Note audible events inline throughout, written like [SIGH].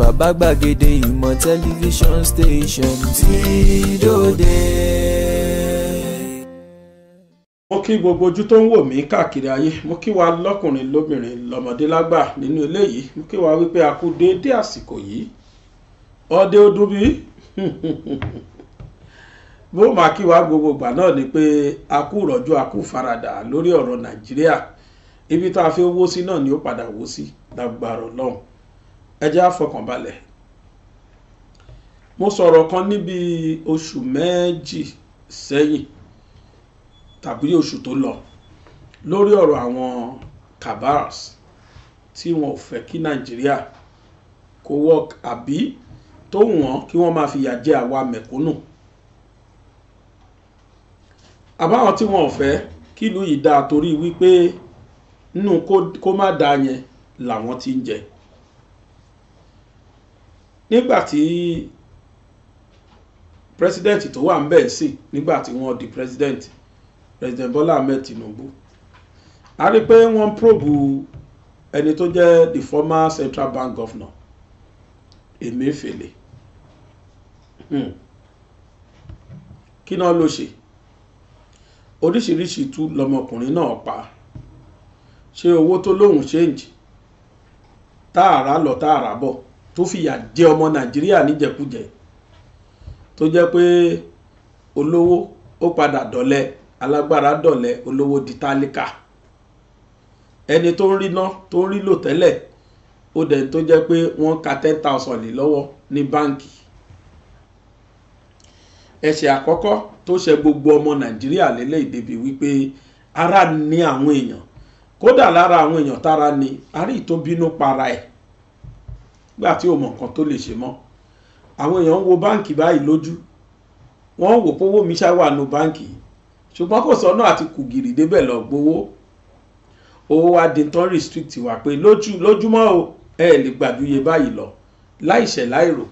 bàbá gbàgede ìmọ̀ tẹlifíṣọ̀n station ti dòde. mo kí gbogbo ojú tó ń wò mí káàkiri ayé mo kí wa lọkùnrin lóbìnrin lọ́mọdé lágbà nínú ilé yìí mo kí wa wípé a kú déédé àsìkò yìí ọdẹ ọdún bíi [LAUGHS] bó máa kí wa gbogbo ìgbà náà ni pé a kú rọ̀jú a kú faradà lórí ọ̀rọ̀ nàìjíríà ibi tá a fi wó sí náà ni ó padà wó sí lágbára ọlọ́run ẹ jẹ́ àfọkànbalẹ̀ mo sọ̀rọ̀ kan níbi oṣù méjì sẹ́yìn tàbí oṣù tó lọ lórí ọ̀rọ̀ àwọn kabars tí wọn ò fẹ́ kí nàìjíríà kó work àbí tó wọ́n kí wọ́n máa fìyà jẹ àwa mẹ̀kúnnù àbáwọn tí wọn ò fẹ́ kílùú yìí dáa torí wípé nínú kó má dáa yẹn làwọn ti ń jẹ nígbàtí president tó wà ń bẹ̀ ń sìn nígbàtí wọ́n di president president Bola Ahmed Tinubu a rí pé wọ́n probe ẹni tó jẹ́ the former central bank governor Emefiele hmm. kí náà ló ṣe oríṣiríṣi tú lọmọkùnrin náà pa ṣé owó tó lóun ṣéǹjì tààrà lọ tààrà bọ̀ tó fìyà jẹ ọmọ nàìjíríà níjẹkújẹ tó jẹ pé olówó ó padà dọ̀lẹ alágbára dọ̀lẹ olówó di tálíkà ẹni tó ń ríná tó ń rí lò tẹ́lẹ̀ ó dẹ̀ tó jẹ́ pé wọ́n ka ten thousand lé lọ́wọ́ ní báǹkì ẹ̀ṣẹ̀ àkọ́kọ́ tó ṣe gbogbo ọmọ nàìjíríà lélẹ̀ ìdèbí wípé ara ni àwọn èèyàn kódà lára àwọn èèyàn tára ni àrí ìtòbínú para ẹ̀ e gbà tí ò mọ̀ nǹkan tó lè ṣe mọ́ àwọn èèyàn ń wo báǹkì báyìí lójú wọ́n ń wò pówó mi ṣá wà nù báǹkì ṣùgbọ́n kò sọ́nà àti kùgìrì débẹ̀ lọ gbowó owó wa di tán restrict wa pé lójú lójúmọ́ o ẹ lè gbàdúyè báyìí lọ láìṣẹ̀ láìrò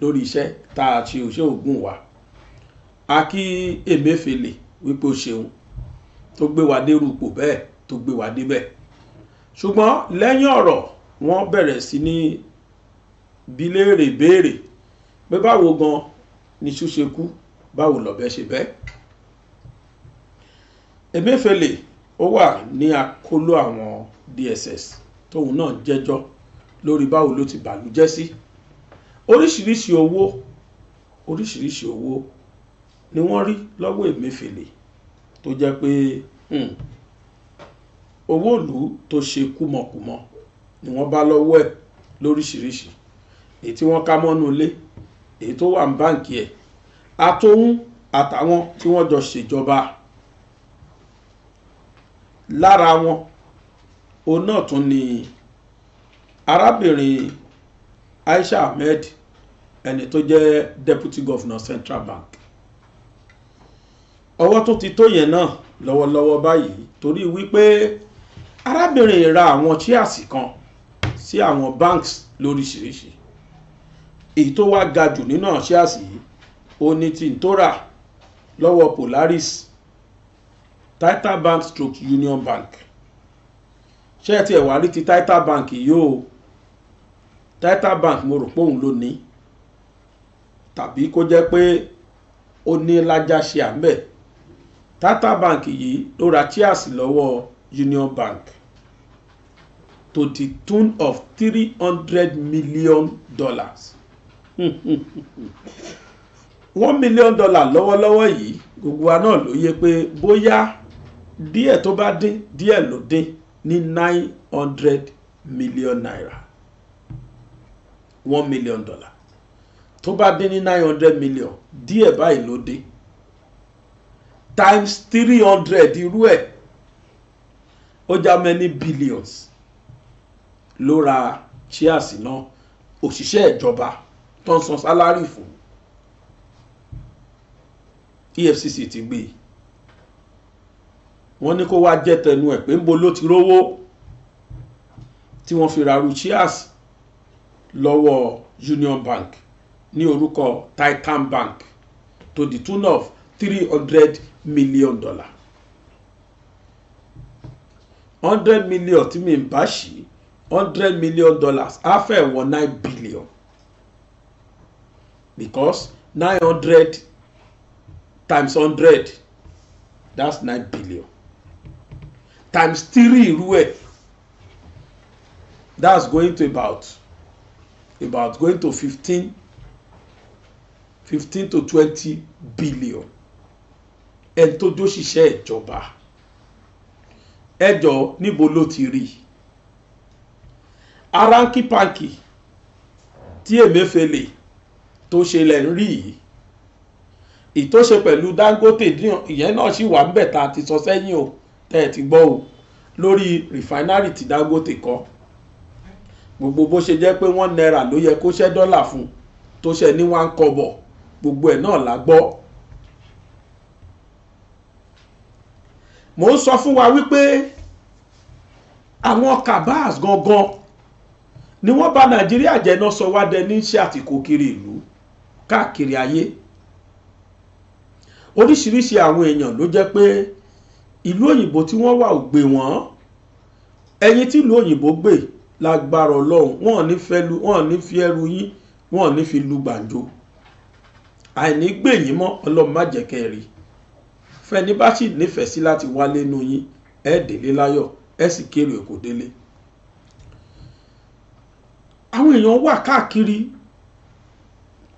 lórí iṣẹ́ tá a ṣe òṣè ògùn wa a kí Emefiele wípé ó ṣeun tó gbé wa dé rúpò bẹ́ẹ̀ tó gbé wa débẹ̀ ṣùgbọ́n lẹ́yìn ọ̀rọ̀ wọ́n bẹ̀rẹ̀ sí ní bí léèrè béèrè pé báwo gan ni iṣu ṣe kú báwo lọ̀bẹ ṣe bẹ́ Emefiele ó wà ní àkóló àwọn DSS tóun náà jẹ́jọ́ lórí báwo ló ti bàlújẹ́ sí oríṣiríṣi owó oríṣiríṣi owó ni wọ́n rí lọ́wọ́ Emefiele tó jẹ́ pé hmm, owó ìlú tó ṣe kúmọkùmọ ni wọ́n bá lọ́wọ́ ẹ̀ lóríṣiríṣi èyí tí wọ́n ká mọ́nú ilé èyí tó wà ní báǹkì ẹ̀ àtòhún àtàwọn tí wọ́n jọ ṣèjọba lára wọn òun náà tún ni arábìnrin Aisha Ahmed ẹni tó jẹ́ deputy governor Central Bank ọwọ́ tó ti tó yẹn náà lọ́wọ́lọ́wọ́ báyìí torí wípé arábìnrin ra àwọn chíàsì kan sí àwọn banks lóríṣiríṣi èyí tó wá ga jù nínú shares yìí ó ní tí n lọ́wọ́ Polaris Titan Bank stroke Union Bank ṣé ẹ tiẹ̀ wá rí ti Titan Bank yìí o Titan Bank mo rò pé òun ló ní tàbí kó jẹ́ pé ó ní lájà ṣe àmbẹ̀ Titan Bank yìí ló ra shares lọ́wọ́ Union Bank to the tune of three hundred million dollars [LAUGHS] one million dollar lọ́wọ́lọ́wọ́ yìí gbogbo wa náà ló yẹ pé bóyá díẹ̀ tó bá dín díẹ̀ ló dín ní nine hundred million naira one million dollar tó bá dín ní nine hundred million díẹ̀ báyìí ló dín times three hundred irú ẹ̀ ó já many billions ló ra shares náà òṣìṣẹ́ ìjọba. E tó ń san sálárì fún EFCC ti gbé wọ́n ní kó wá jẹ́ tẹnu ẹ̀ pé ń bo ló ti rówó tí wọ́n fi raru chias lọ́wọ́ Union Bank ní orúkọ Titan Bank to the tune of three hundred million dollar hundred million tí mi ń bá ṣí hundred million dollars á fẹ́ wọ nine billion because nine hundred times hundred that's nine billion times three irú that's going to about about going to fifteen fifteen to twenty billion ẹni tó jó ṣiṣẹ́ ìjọba ẹjọ́ níbo ló ti rí aráńkì pàǹkì tí èmẹ́fẹ́lẹ́ tó ṣe lẹ̀ ń rí yìí ìtòṣe pẹ̀lú Dangote ìyẹn náà sì wà níbẹ̀ tá a ti sọ sẹ́yìn o tẹ́ ẹ ti gbọ́ o lórí rìfáínárì tí Dangote kọ́ gbogbo bó ṣe jẹ́ pé wọ́n náírà ló yẹ kó ṣẹ́ dọ́là fún tó ṣe ní wá ń kọ́bọ̀ gbogbo ẹ̀ náà la gbọ́. mò ń sọ fún wa wípé àwọn kabas gangan ni wọ́n bà Nàìjíríà jẹ́ náà sọ wá dẹni ṣe àtìkò kiri ìlú káàkiri ayé oríṣiríṣi àwọn èèyàn ló jẹ́ pé ìlú òyìnbó tí wọ́n wà ò gbé wọ́n ẹ̀yin tí ìlú òyìnbó gbé lágbára ọlọ́run wọ́n ní fẹ́lu wọ́n ní fi ẹrù yín wọ́n ní fi lu gbàǹjo àìní gbé yín mọ́ ọlọ́run má jẹ́ kẹ́ fẹ́ni bá sì nífẹ̀ẹ́ sí láti wálé nu yín ẹ délé láyọ̀ ẹ sì kéré òkò délé àwọn èèyàn wà káàkiri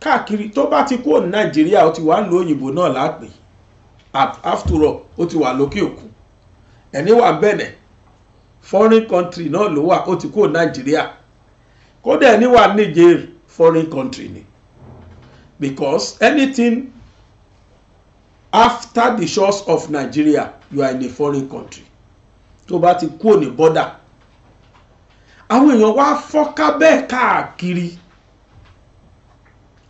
káàkiri tó bá ti kúrò ní nàìjíríà ó ti wà nílùú òyìnbó náà lápè after all ó ti wà lókè òkun ẹni wà bẹ̀nẹ̀ foreign country náà ló wà ó ti kúrò nàìjíríà kódà ẹni wà niger foreign country ni because anything after the shores of nigeria you are in a foreign country tó bá ti kúrò ní border àwọn èèyàn wá fọ́nká bẹ́ẹ̀ káàkiri.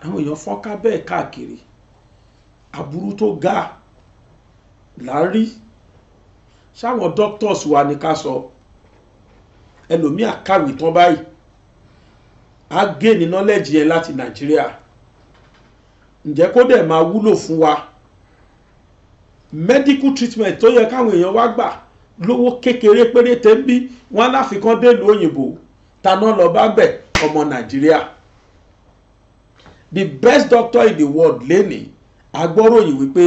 àwọn èèyàn fọ́nká bẹ́ẹ̀ káàkiri aburú tó ga láárí sáwọn doctors wa ni ká sọ ẹlòmí àkàwé tán báyìí á gé ní nọ́lẹ́jì yẹn láti nàìjíríà ǹjẹ́ kó dẹ̀ máa wúlò fún wa medical treatment tó yẹ káwọn èèyàn wá gbà lówó kékeré péréte ń bí wọn láfikán délùú òyìnbó taná lọ bá gbẹ ọmọ nàìjíríà. the best doctor in the world lẹ́ni agbọ́ròyìn wípé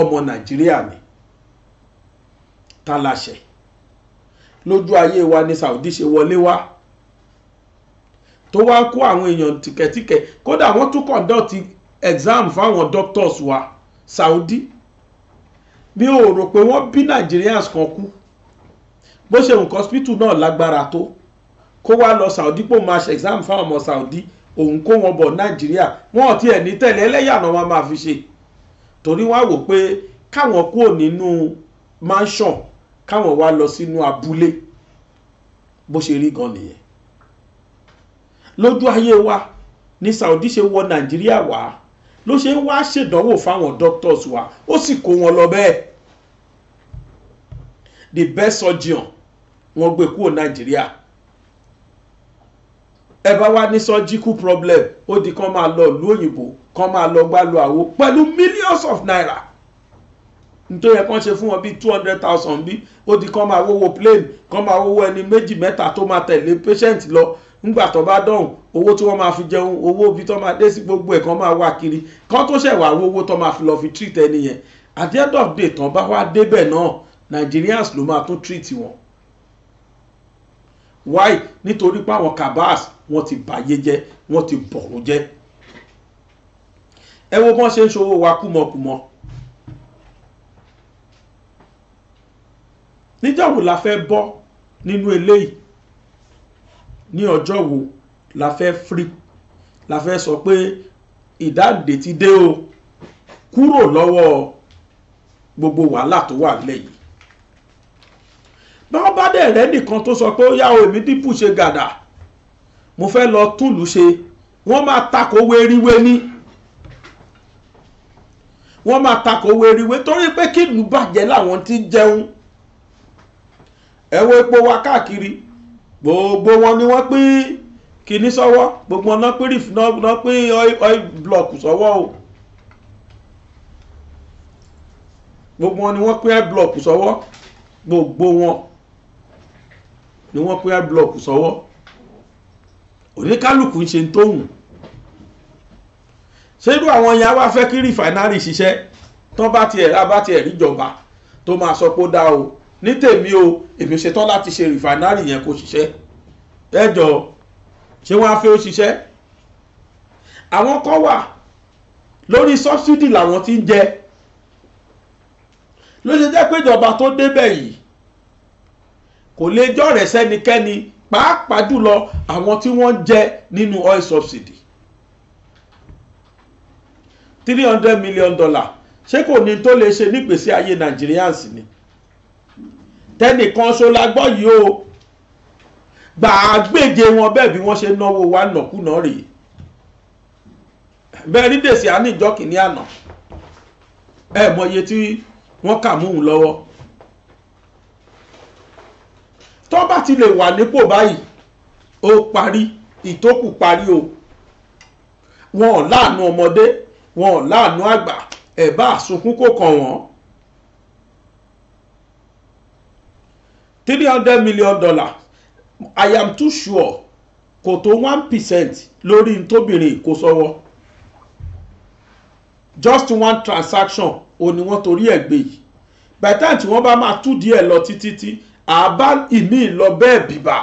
ọmọ nàìjíríà ni tàlàṣẹ lójú ayé wa ni saudi ṣe wọlé wá tó wá kó àwọn èèyàn tìkẹ̀tìkẹ̀ kódà wọ́n tún conduct exam fáwọn doctors wa saudi mi o rò pé wọ́n bí nigerians kan kú bó ṣe nǹkan hospital náà lágbára tó kó wá lọ saudi pò máa ṣe exam fáwọn ọmọ saudi òun kó wọn bọ̀ nàìjíríà wọn ò tiẹ̀ ní tẹ̀lé ẹlẹ́yàna wọn máa fi ṣe torí wọn á wò pé káwọn kúrò nínú mansion káwọn wá lọ sínú abúlé bó ṣe rí gan nìyẹn lójú ayé wa ní Saudi ṣe wọ nàìjíríà wá ló ṣe ń wá ṣèdánwò fáwọn doctors wa ó sì kó wọn lọ bẹ́ẹ̀ the best surgeon wọ́n gbé kúrò nàìjíríà ẹ bá wá ní surgical problem ó di kán máa lọ ìlú òyìnbó kán máa lọ gbá lu àwo pẹ̀lú millions of naira nítorí ẹ̀ kán ṣe fún wọn bíi two hundred thousand bí ó di kán máa wówó plane kán máa wówó ẹni méjì mẹ́ta tó máa tẹ̀lé patient lọ nígbà tó bá dọ̀hùn owó tí wọ́n máa fi jẹun owó bí tó máa dé sí gbogbo ẹ̀ kán máa wá kiri kán tó ṣẹ̀ wá owó tó máa fi lọ fi treat ẹni yẹn at the end of the day tán bá wá débẹ̀ náà Nigerians ló máa tún treat wọn why nítorí pé àwọn kabas wọ́n ti bàyé jẹ́ wọ́n ti bọ̀rún jẹ́ ẹ wo bọ́n ṣe ń ṣòwò wa kúmọkùmọ níjọ́ wo la fẹ́ bọ́ nínú eléyìí ní ọjọ́ wo la fẹ́ free la fẹ́ sọ pé ìdáǹdè ti dé o kúrò lọ́wọ́ gbogbo wàhálà tó wà lẹ́yìn bá wọn bá dẹ̀ rẹ́ nìkan tó sọ pé ó yá o èmi dípù ṣe gàdà mo fẹ́ lọ túlù ṣe wọ́n máa takò wéríwé ní wọ́n máa takò wéríwé torí pé kí ìlú bàjẹ́ làwọn ti jẹun ẹ wo epo wa káàkiri gbogbo wọn ni wọ́n pín kíní sọ́wọ́ gbogbo wọn náà pín rìf náà pín oil block sọ́wọ́ o gbogbo wọn ni wọ́n pín air block sọ́wọ́ gbogbo wọn ni wọ́n pín air block sọ́wọ́. So oníkálukú ń ṣe ń tóhùn ṣé irú àwọn yẹn wá fẹ́ kí rìfàínárì ṣiṣẹ́ tán bá tiẹ̀ rà bá tiẹ̀ ríjọba tó máa sọ pé ó dá o ní tèmi o èmi ṣetán láti ṣe rìfàínárì yẹn kó ṣiṣẹ́ ẹ jọ ṣé wọ́n á fẹ́ ó ṣiṣẹ́ àwọn kan wà lórí sọ́bsidì làwọn ti ń jẹ ló ṣe jẹ́ pé ìjọba tó débẹ̀ yìí kò lè jọ̀rẹ̀ sẹ́nikẹ́ni pàápàá jùlọ àwọn tí wọ́n jẹ nínú oil subsidy three hundred million dollar ṣé kò ní tó lè ṣe nígbèsí ayé Nigerians ni tẹnìkan ṣọlá gbọ́ yìí o gbàgbéje wọn bẹ́ẹ̀ bí wọ́n ṣe náwó wa nàkúnà rèé bẹ́ẹ̀ rí dèsì àníjọ́ kìíní àná ẹ̀ mọ iye tí wọ́n kà mú un lọ́wọ́ tó bá ti lè wà nípò báyìí ó parí ìtókù parí o wọn ò láàánú ọmọdé wọn ò láàánú àgbà ẹ̀bá àsunkún kò kàn wọ́n. three hundred million dollar i am too sure kò tó one percent lórí ntóbìnrin kò sọ́wọ́ just one transaction ò ní wọ́n torí ẹ̀ gbé yìí by the time tí wọ́n bá máa tú díẹ̀ lọ títí tí àbá ìmí lọ bẹ́ẹ̀ bìbà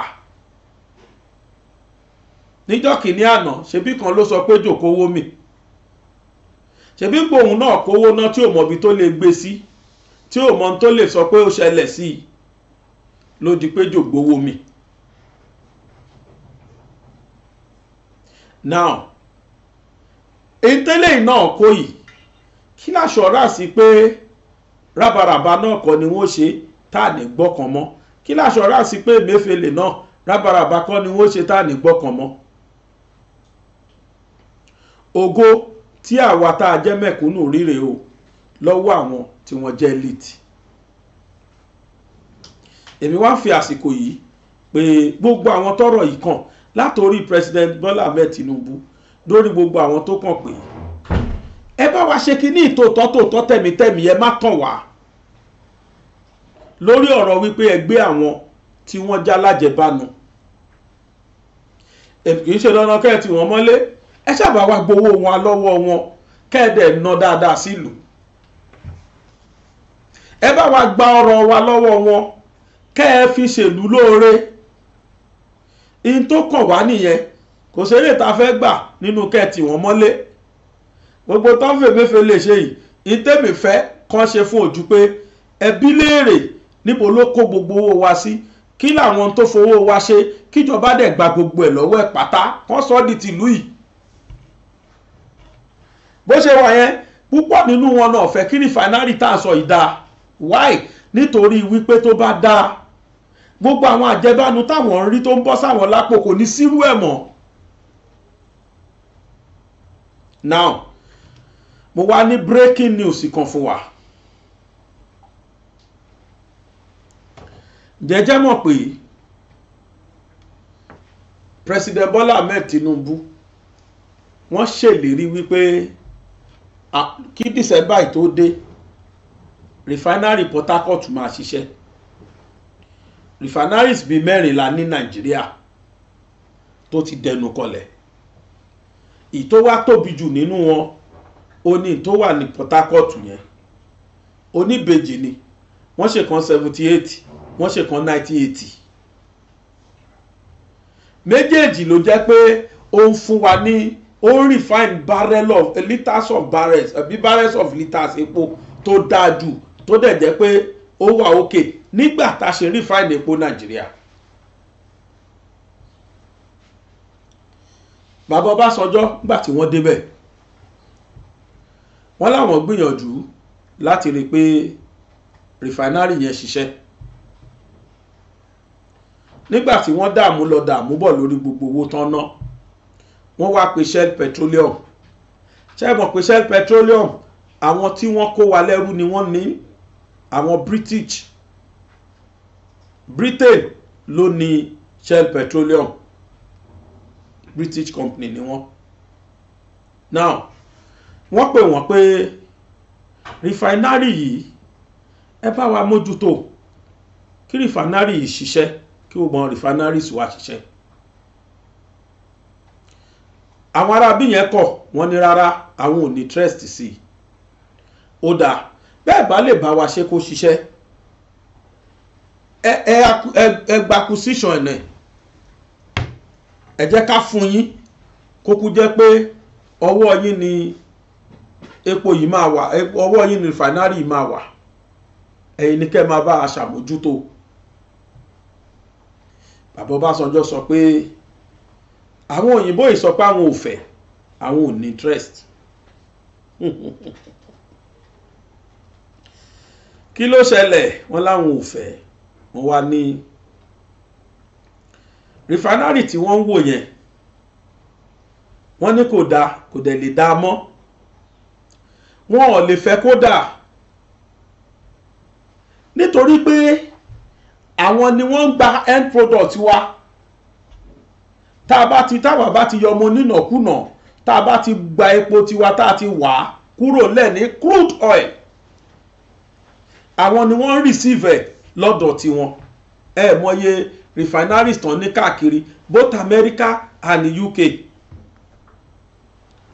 níjọ́ kìíní àná ṣebí kan ló sọ pé jòkówó mi ṣebí gbòhùn náà kówó náà tí ò mọ̀bi tó lè gbé sí tí ò mọ̀ tó lè sọ pé ó ṣẹlẹ̀ sí i ló di pé jògbówó mi. now ìtẹ́lẹ̀ náà kó yìí kí láṣọ rà sí pé rábaràba náà kọ́ ni wọ́n ṣe tá à ní gbọ́kàn mọ́ kí láṣọra sí pé Emefiele náà rábaràbà kọ́ ni wọ́n ṣe tá à ní gbọ́kàn mọ́ ògo tí àwa tá a jẹ́ mẹ̀kúnnù ríre o lọ́wọ́ àwọn tí wọ́n jẹ́ elite èmi wá fi àsìkò yìí pé gbogbo àwọn tọ́rọ̀ yìí kàn látòrí president Bola Ahmed Tinubu lórí gbogbo àwọn tó kàn pé ẹ bá wa ṣe kínní ìtòótọ́ tòótọ́ tẹ̀mítẹ̀mí ẹ má tàn wá lórí ọ̀rọ̀ wípé ẹgbẹ́ àwọn tí wọ́n já lájẹbánu kì í ṣe dandan kẹ́ ẹ tì wọ́n mọ́lé ẹ ṣàbà wá gbowó wọn lọ́wọ́ wọn kẹ́ẹ̀dẹ̀ ná dáadáa sílùú ẹ bá wa gba ọrọ̀ wa lọ́wọ́ wọn kẹ́ ẹ fi ṣèlú lóore in tó kàn wá nìyẹn kò sérè tá a fẹ́ gbà nínú kẹ́ ẹ tì wọ́n mọ́lé gbogbo tó ń fèmẹ́fẹ́ lè ṣe yìí ìtẹ́mìfẹ́ kan ṣe fún ojú pé ẹbí léèrè níbo ló kó gbogbo owó wa sí kí làwọn tó fowó wa ṣe kíjọba dẹ̀ gba gbogbo ẹ̀ lọ́wọ́ ẹ̀ pátá kán sọ ọ́ di tìlú yìí bó ṣe wà yẹn púpọ̀ nínú wọn náà fẹ́ kí rìfánárì tá à sọ yìí dáa why nítorí wípé tó bá dáa gbogbo àwọn àjẹbánu táwọn ń rí tó ń bọ́ sáwọn lápò kò ní sírú ẹ̀ mọ́ now mo wá ní breaking news kan fún wa jẹ́jẹ́ mọ̀ pé president Bola Ahmed Tinubu wọ́n ṣèlérí wípé kí December yìí tó dé refinery Port Harcourt máa ṣiṣẹ́ refineries bíi mẹ́rìnlá ní Nàìjíríà tó ti dẹnu kọlẹ̀ ìtó wá tóbi jù nínú wọn ó ní tó wà ní Port Harcourt yẹn oníbejì ni wọ́n ṣe kan seventy eight wọ́n ṣe kan 1980 méjèèjì ló jẹ́ pé ó ń fún wa ní ó ń refine barrel of litres of barrels àbí barrels of litres epo tó dáa jù tó dẹ̀ jẹ́ pé ó wà òkè nígbà tá a ṣe refine epo nàìjíríà. bàbá ọbásanjọ́ nígbà tí wọ́n débẹ̀ wọ́n láwọn gbìyànjú láti rí i pé rìfánárì yẹn ṣiṣẹ́ nígbà tí wọ́n dààmú lọ dààmú bọ̀ lórí gbogbo owó tán ná wọ́n wá pe Shell Petroleum ṣe mọ̀ Shell Petroleum àwọn tí wọ́n kó wa lẹ́rú ni wọ́n ní àwọn British Britain ló ní Shell Petroleum British company ni wọ́n now wọ́n pè wọ́n pé rìfàínárì yìí ẹ bá wa mójútó kí rìfàínárì yìí ṣiṣẹ́ kí gbogbo àwọn refineries wá ṣiṣẹ́ àwọn arábí yẹn kọ̀ wọ́n ní rárá àwọn ò ní trust sí i ó dáa bẹ́ẹ̀ bá lè bá wa ṣe kó ṣiṣẹ́ ẹ ẹ ẹ gba acquisition ẹ̀ ẹ jẹ́ ká fún yín kókú jẹ́ pé ọwọ́ yín ni epo yìí máa wà ọwọ́ yín ni refinery máa wà ẹ̀yin ni kẹ́ máa bá a ṣàmójútó bàbá Ọbásanjọ́ sọ pé àwọn òyìnbó yìí sọ pé àwọn ò fẹ́ àwọn ò ní interest [LAUGHS] kí ló ṣẹlẹ̀ wọ́n láwọn ò fẹ́ wọ́n wá ní rìfánárì tí wọ́n ń wò yẹn wọ́n ní kò dáa kò dẹ̀ lè dáa mọ́ wọn ò lè fẹ́ kó dáa nítorí pé àwọn ni wọ́n ń gba end product wa tá a bá ti táwa bá ti yọmọ nínàkúnà tá a bá ti gba epo tiwa tá a ti wà á kúrò lẹ́ni crude oil àwọn ni wọ́n ń receive ẹ̀ lọ́dọ̀ tiwọn ẹ eh, mọye refineries tán ní káàkiri both America and UK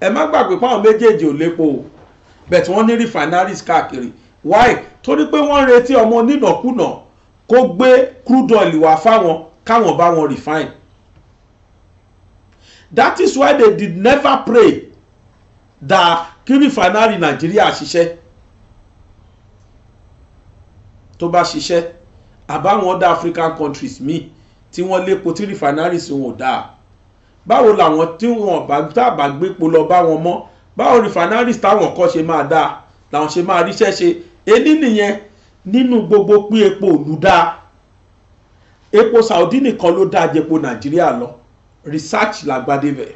ẹ má gbàgbé fáwọn méjèèjì ò lépo o bẹ̀tí wọ́n ní refineries káàkiri why torí pé wọ́n ń retí ọmọ onínàkúnà kó gbé crude oil wá fáwọn káwọn bá wọn refine that is why they did never pray that kí refinery Nigeria, ṣiṣẹ́ tó bá ṣiṣẹ́ àbáwọn other African countries míì tí wọ́n lépo tí refineries wọn ò dáa báwo làwọn tí wọn bá gbépo lọ bá wọn mọ́ báwo refineries táwọn kọ́ ṣe máa dáa làwọn ṣe máa ríṣẹ́ ṣe èyí nìyẹn nínú gbogbo pín epo òlù dáa epo Saudi nìkan ló dáa jẹpo Nàìjíríà lọ research làgbàdé bẹ̀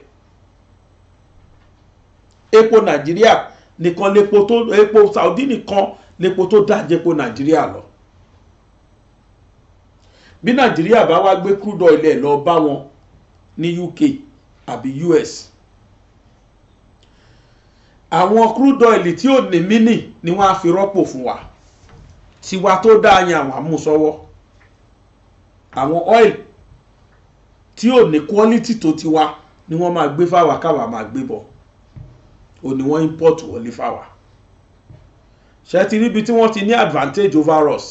epo Nàìjíríà nìkan lepo tó epo Saudi nìkan lepo tó dáa jẹpo Nàìjíríà lọ bí Nàìjíríà bá wá gbé crude oil ẹ̀ lọ bá wọn ní UK àbí US àwọn crude oil tí ò ní mínì ni wọ́n á fi rọ́pò fún wa tiwa tó dáa yẹn àwọn amú sọ́wọ́ àwọn oil tí ò ní quality tó tiwa ni wọ́n máa gbé fáwa káwa máa gbé bọ̀ ò ní wọ́n import wọlé fáwa ṣe ti ríbi tí wọ́n ti ní advantage over us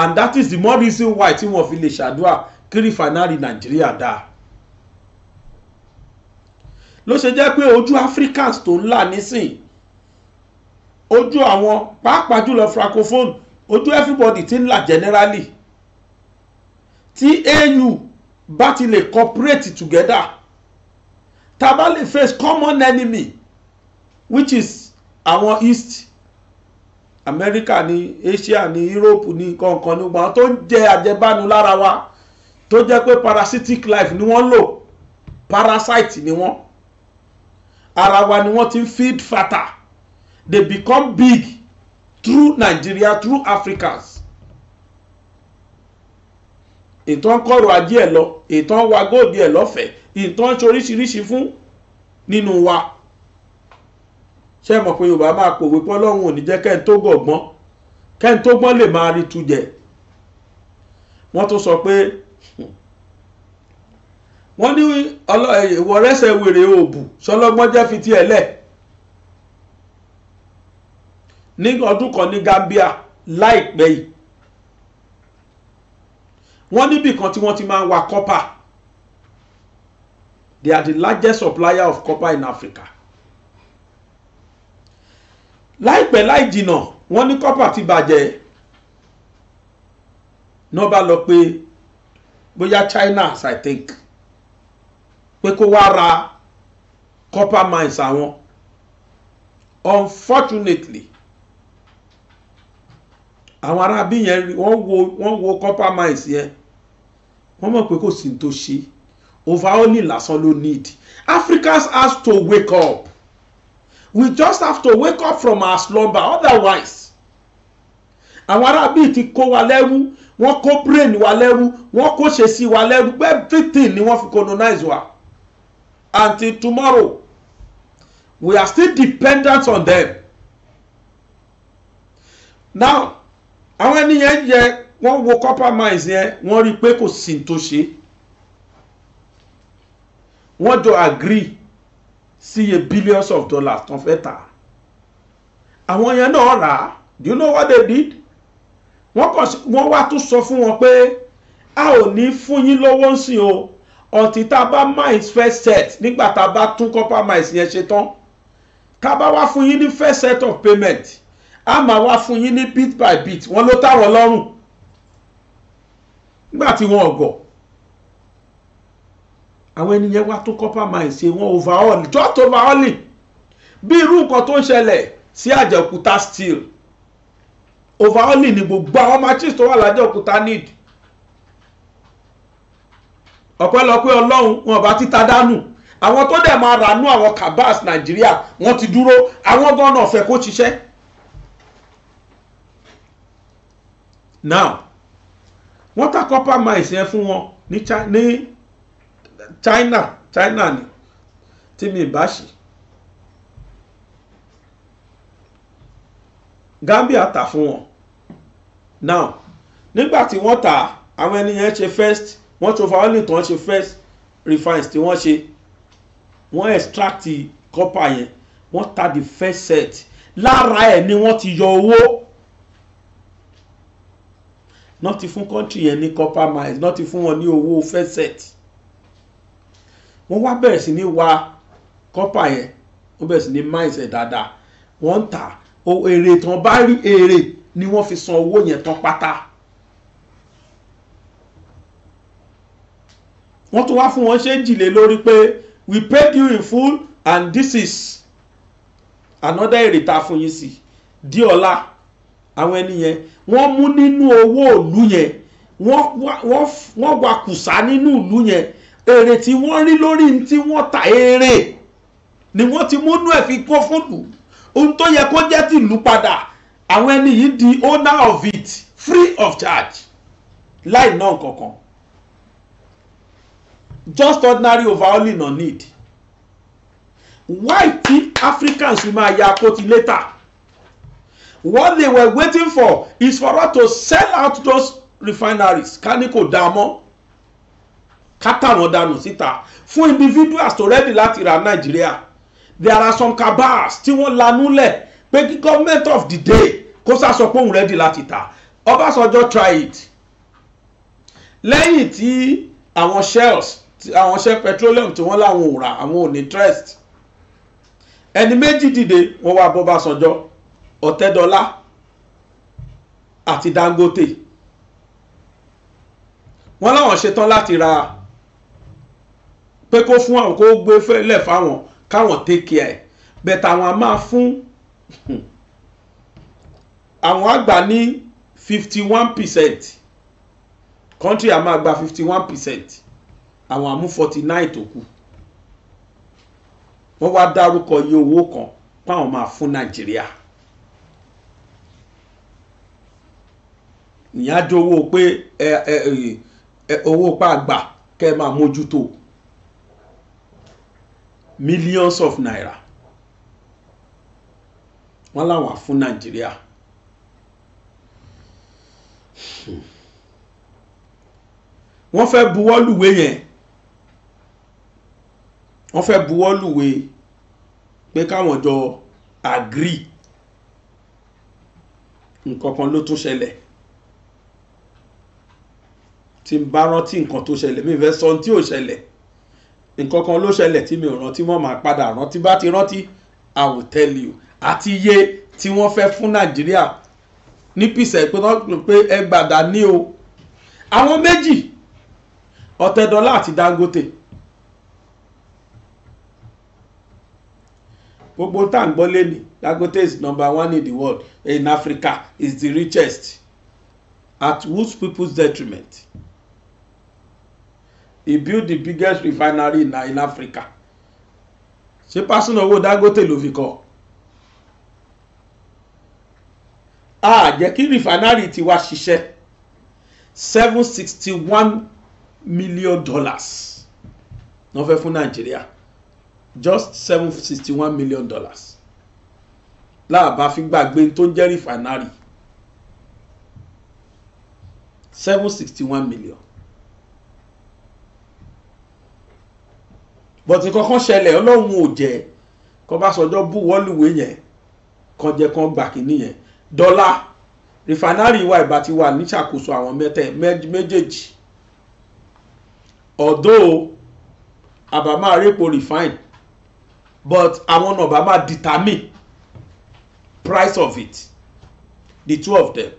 and that is the more reason why tí wọ́n fi lè ṣàdúrà kí rìfànárì nàìjíríà dáa ló ṣe jẹ́ pé ojú africans tó ń là nísìn ojú àwọn pàápàá jùlọ francophone ojú everybody ti ń là generally tí AU bá ti lè cooperate together tá a face common enemy which is àwọn east america ní asia ní europe ní kankan ní gbọ́n tó ń jẹ àjẹbánu lára wa tó jẹ́ pé parasitic life ni wọ́n lò parasite ni wọ́n ara wa ni wọ́n ti ń feed fata they become big through Nigeria through Africa. ìtàn kọrọ̀ ajé ẹ̀ lọ ìtàn wa góòdì ẹ̀ lọ́fẹ̀ẹ́ ìtàn ṣoríṣiríṣi fún nínú wa ṣé mọ̀ pé Yorùbá máa pòwe pọ́lọ́hún ò ní jẹ́ kẹ́ni tó gọ̀gbọ́n kẹ́ni tó gbọ́n lè máa rí tujẹ wọ́n tún sọ pé wọ́n ní ìwọ̀rẹ́sẹ̀ wèrè òòbù ṣọlọ́gbọ́n jẹ́ fi tiẹ̀ lẹ̀ ní ọdún kan ní Gambia láìpẹ́ yìí wọ́n níbì kan tí wọ́n ti máa ń wa copper they are the largest supplier of copper in Africa láìpẹ́ láì jìnà wọ́n ní copper ti bàjẹ́ náà bá lọ pé bóyá China I think pé kó wá ra copper mines àwọn unfortunately àwọn ará bí yẹn wọ́n wo wọ́n wo copper mines yẹn wọ́n mọ̀ pé kò sí tó ṣe overhauling lásán ló need Africans has to wake up we just have to wake up from our slumber otherwise àwọn ará bíi ti kó wa lẹ́rú wọ́n kó brain wa lẹ́rú wọ́n kó ṣe sí wa lẹ́rú everything ni wọ́n fi colonize wa until tomorrow we are still dependent on them now àwọn ènìyàn yẹ wọ́n wo copper mines yẹn wọ́n rí i pé kò sí tó ṣe wọ́n jọ agree sí iye billions of dollars tán fẹ́ tà àwọn yẹn náà rà á do you know what they did wọ́n wá tún sọ fún wọn pé a ò ní fún yín lọ́wọ́ ń sìn o ọ̀tí tá a bá mines first set nígbà tá a bá tún copper mines yẹn ṣe tán tá a bá wá fún yín ní first set of payment a máa wá fún yín ní bit by bit wọ́n ló táwọn lọ́rùn nígbà tí wọ́n ọ̀gọ̀ àwọn ènìyàn wá tún copper mine ṣe wọ́n overhaul just overhauling bí irú nǹkan tó ń ṣẹlẹ̀ sí àjẹkúta steel overhauling ni gbogbo àwọn machines tó wà lájẹkúta need ọpẹ́lọpẹ́ ọlọ́run wọn bá ti ta dánù àwọn tó dẹ̀ máa ràánú àwọn kabas nàìjíríà wọ́n ti dúró àwọn gan-an ọ̀fẹ́ kó ṣiṣẹ́ now wọ́n ta copper mines yẹn fún wọn ní China China ni tí mi bá ṣe Gambia ta fún wọn now nígbà tí wọ́n ta àwọn ẹni ṣe first wọ́n tó fa ọ́nì tó ń ṣe first refines tí wọ́n ṣe wọ́n extract copper yẹn wọ́n ta the first set lára ẹ̀ ni wọ́n ti yọ owó náà ti fún kọ́ńtì yẹn ní copper mines náà ti fún wọn ní owó fẹ́sẹ̀t wọ́n wá bẹ̀rẹ̀ sí ní wa copper yẹn wọ́n bẹ̀rẹ̀ sí ní mines ẹ̀ dáadáa wọ́n ń tà èrè tán bá rí èrè ni wọ́n fi san owó yẹn tán pátá. wọ́n tún wá fún wọn ṣe ń jìlè lórí pé we paid you in full and this is another èrè tá a fún yín sí di àwọn ẹni yẹn wọ́n mú nínú owó ìlú yẹn wọ́n wakùsà nínú ìlú yẹn èrè tí wọ́n rí lórí tí wọ́n ta èrè ni wọ́n ti múnú ẹ̀ fi kó fóònù ohun tó yẹ kó jẹ́ ti ìlú padà àwọn ẹni yìí di owner of it free of charge láì ná nǹkankan just ordinary overhauling on need why tí africans fi máa ya kó ti later what they were waiting for is for us to sell out those refineries Kaniko damo, kò dáa mọ́ ká tà fún individuals tó ready láti ra nàìjíríà there are some cabals tí wọ́n lanúlẹ̀ pé kí government of the day kó sàsọ pé òun ready láti tà Ọbásanjọ́ try it lẹ́yìn tí àwọn shells àwọn shell petroleum tí wọ́n láwọn ò rà àwọn ò ní trust ẹni méjì dìde wọ́n wá bọ́ Ọbásanjọ́ ọ̀tẹ́dọ́lá àti dangote wọ́n láwọn ṣetán láti ra pé kó fún àwọn kó gbé fẹ́lẹ̀ fáwọn káwọn take care bẹ̀tà àwọn a máa fún àwọn àgbà ní fifty one percent country a máa gba fifty one percent àwọn àmú forty nine tó kù wọ́n wá dárúkọ iye owó kan páwọn máa fún nàìjíríà. nìyẹn á di owó pé owó pa àgbà kẹ́ ẹ máa mójútó millions of naira wọ́n láwọn fún nàìjíríà wọ́n fẹ́ buwọ́ lùwé yẹn wọ́n fẹ́ buwọ́ lùwé pé káwọn jọ agree nǹkan ló tún ṣẹlẹ̀ tí n bá rántí nǹkan tó ṣẹlẹ̀ mi fẹ́ sọ ohun tí ò ṣẹlẹ̀ nǹkan kan ló ṣẹlẹ̀ tí mi ò rántí mọ́ máa padà rántí bá ti rántí I will tell you àti iye tí wọ́n fẹ́ fún Nàìjíríà ní pìṣẹ́ pé wọ́n pé ẹ gbàdá ní o àwọn méjì Ọ̀tẹ̀dọ́lá àti Dangote gbogbo tá à ń gbọ́ lé ní Dangote is number one in the world in Africa is the richest at whose people's detriment he built the biggest refinery in, in Africa ṣé pásínà owó Dangote ló fi kọ́ a jẹ́ kí refinery ti wá ṣiṣẹ́ seven sixty one million dollars wọ́n fẹ́ fún Nàìjíríà just seven sixty one million dollars láàbá fi gbàgbé tó ń jẹ́ refinery seven sixty one million bọ̀tí kankan ṣẹlẹ̀ ọlọ́run ò jẹ́ kọ́ bá sọjọ́ bú wọ́lùwé yẹn kan jẹ́ kan gbà kínní yẹn dọ́là rìfánárì wa ìbá ti wà níṣàkóso àwọn mẹ́tẹ̀ méjèèjì ọ̀dọ́ àbámá rẹ́pọ̀ refine but àwọn náà bá determine price of it the two of them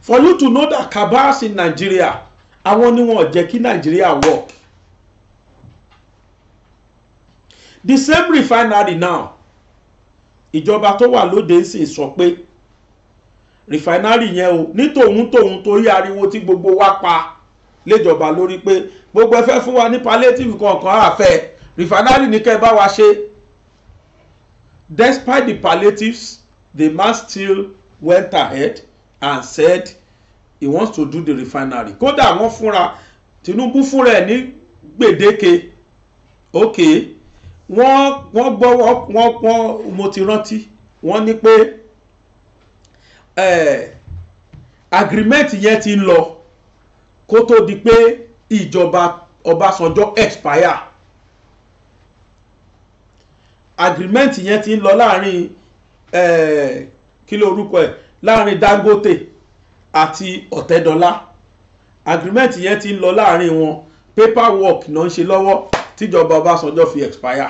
for you to know that kabars in Nigeria àwọn ni wọn jẹ́ kí Nigeria work the same refinery now ìjọba tó wà lóde ń sì sọ pé refinery yẹn o ní tòun tòun torí ariwo tí gbogbo wa pa léjọba lórí pé gbogbo ẹ fẹ́ fún wa ní palliative kankan àfẹ́ refinery ní kẹ́ ẹ bá wa ṣe despite the palliatives the man still went ahead and said he wants to do the refinery kódà wọ́n fúnra Tinubu fúnra ẹ̀ ní gbèdéke okay wọ́n wọ́n gbọ́ wọ́n wọ́n mo ti rántí wọ́n ní pé agreement yẹn ti ń lọ kó tó di pé ìjọba Ọbásanjọ́ expire agreement yẹn ti ń lọ láàrin kí ló orúkọ ẹ̀ láàrin Dangote àti Ọ̀tẹ́dọ́lá agreement yẹn ti ń lọ láàrin wọn paperwork náà ń ṣe lọ́wọ́ tíjọba Ọbásanjọ́ fi expire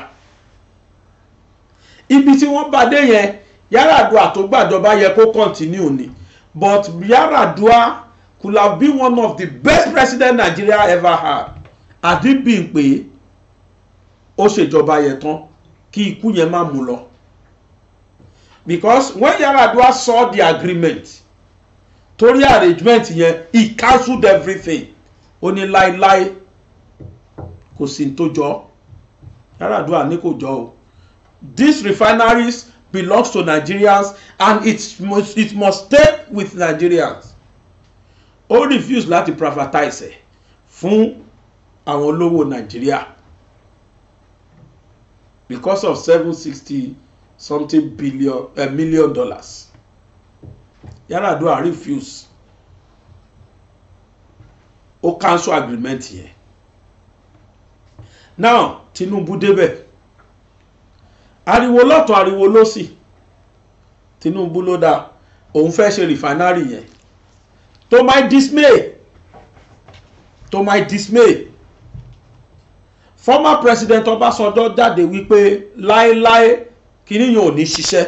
ibi tí wọ́n bá dé yẹn Yar'Adua tó gbàjọba yẹ kó continue ni but Yar'Adua could have been one of the best president Nigeria ever had àbí bí n pé ó ṣèjọba yẹn tán kí ikú yẹn má mú lọ because when Yar'Adua saw the agreement torí arrangement yẹn he cancelled everything ó ní láéláé. Like, kò sí tó jọ Yar'Adua ní kò jọ o these refineries belongs to Nigerians and it must, it must stay with Nigerians ó refuse láti privatize ẹ̀ fún àwọn olówó Nàìjíríà because of seven sixty something billion uh, million dollars Yar'Adua refuse ó cancel agreement yẹn now Tinubu débẹ̀ ariwo lọ́tọ̀ ariwo lọ́sì Tinubu ló dáa òun fẹ́ ṣe rìfánárì yẹn to my dismay to my dismay former president Ọbásanjọ́ jáde wípé láéláé kíní yẹn ò ní ṣiṣẹ́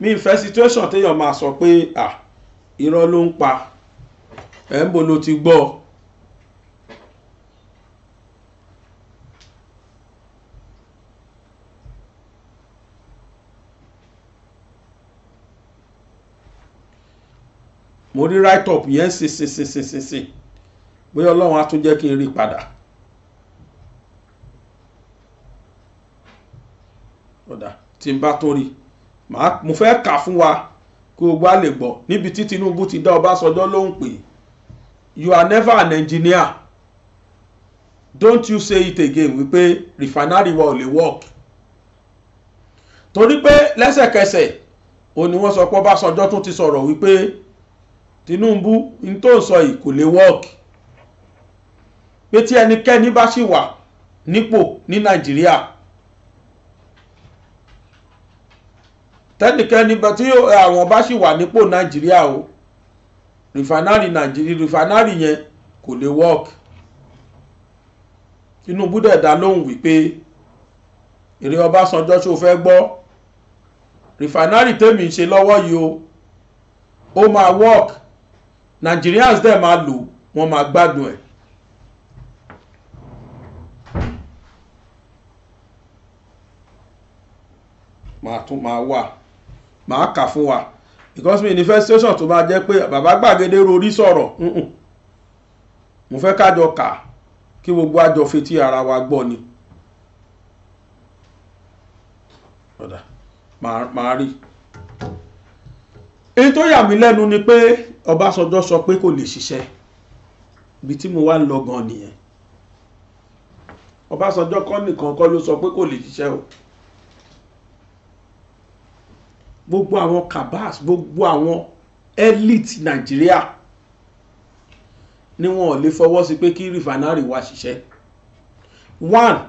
mi ń fẹ́ situation téèyàn máa sọ pé ah irọ́ ló ń pa ẹ̀ ń bo ló ti gbọ́ ọ mo rí write up yẹn ṣinṣinṣinṣinṣin bóyá ọlọ́run á tún jẹ́ kí n rí padà. ọ̀dà tí n bá tó rí mo fẹ́ kà fún wa kí gbogbo a lè gbọ́ níbi tí Tinubu ti dá Ọbásanjọ́ lóhùn pé you are never an engineer don't you say it again wípé refinery wa ò lè work torí pé lẹ́sẹ̀kẹsẹ̀ òun ni wọ́n sọ pé Ọbásanjọ́ tún ti sọ̀rọ̀ wípé Tinubu n tó sọ yìí kò lè wọ́ọ̀kì pé tí ẹnikẹ́ni bá sì wà nípò ní Nàìjíríà tẹ́nikẹ́ni tí àwọn bá sì wà nípò Nàìjíríà o rìfánárì Nàìjíríà rìfánárì yẹn kò lè wọ́ọ̀kì Tinubu dẹ̀ dá lóhùn wípé èrè Ọbásanjọ́ ṣó fẹ́ gbọ́ rìfánárì tèmi ń ṣe lọ́wọ́ yìí o ó máa wọ́ọ̀kì Nigerians dẹ̀ máa lò wọ́n máa gbádùn ẹ̀. màá tún máa wà màá kà fún wa because mi manifestation tó máa jẹ́ pé bàbá gbàgede rorí sọ̀rọ̀ mo fẹ́ kájọ kà kí gbogbo àjọ fetí ara wa gbọ́ ni màá rí. èyí tó yà mí lẹ́nu ni pé Ọbásanjọ́ sọ pé kò lè ṣiṣẹ́ ibi tí mo wá ń lọ gan nìyẹn Ọbásanjọ́ kọ́ nìkan kọ́ ló sọ pé kò lè ṣiṣẹ́ o gbogbo àwọn kabas gbogbo àwọn elite Nàìjíríà ni wọn ò lè fọwọ́ sí pé kí rìfánárì wá ṣiṣẹ́ one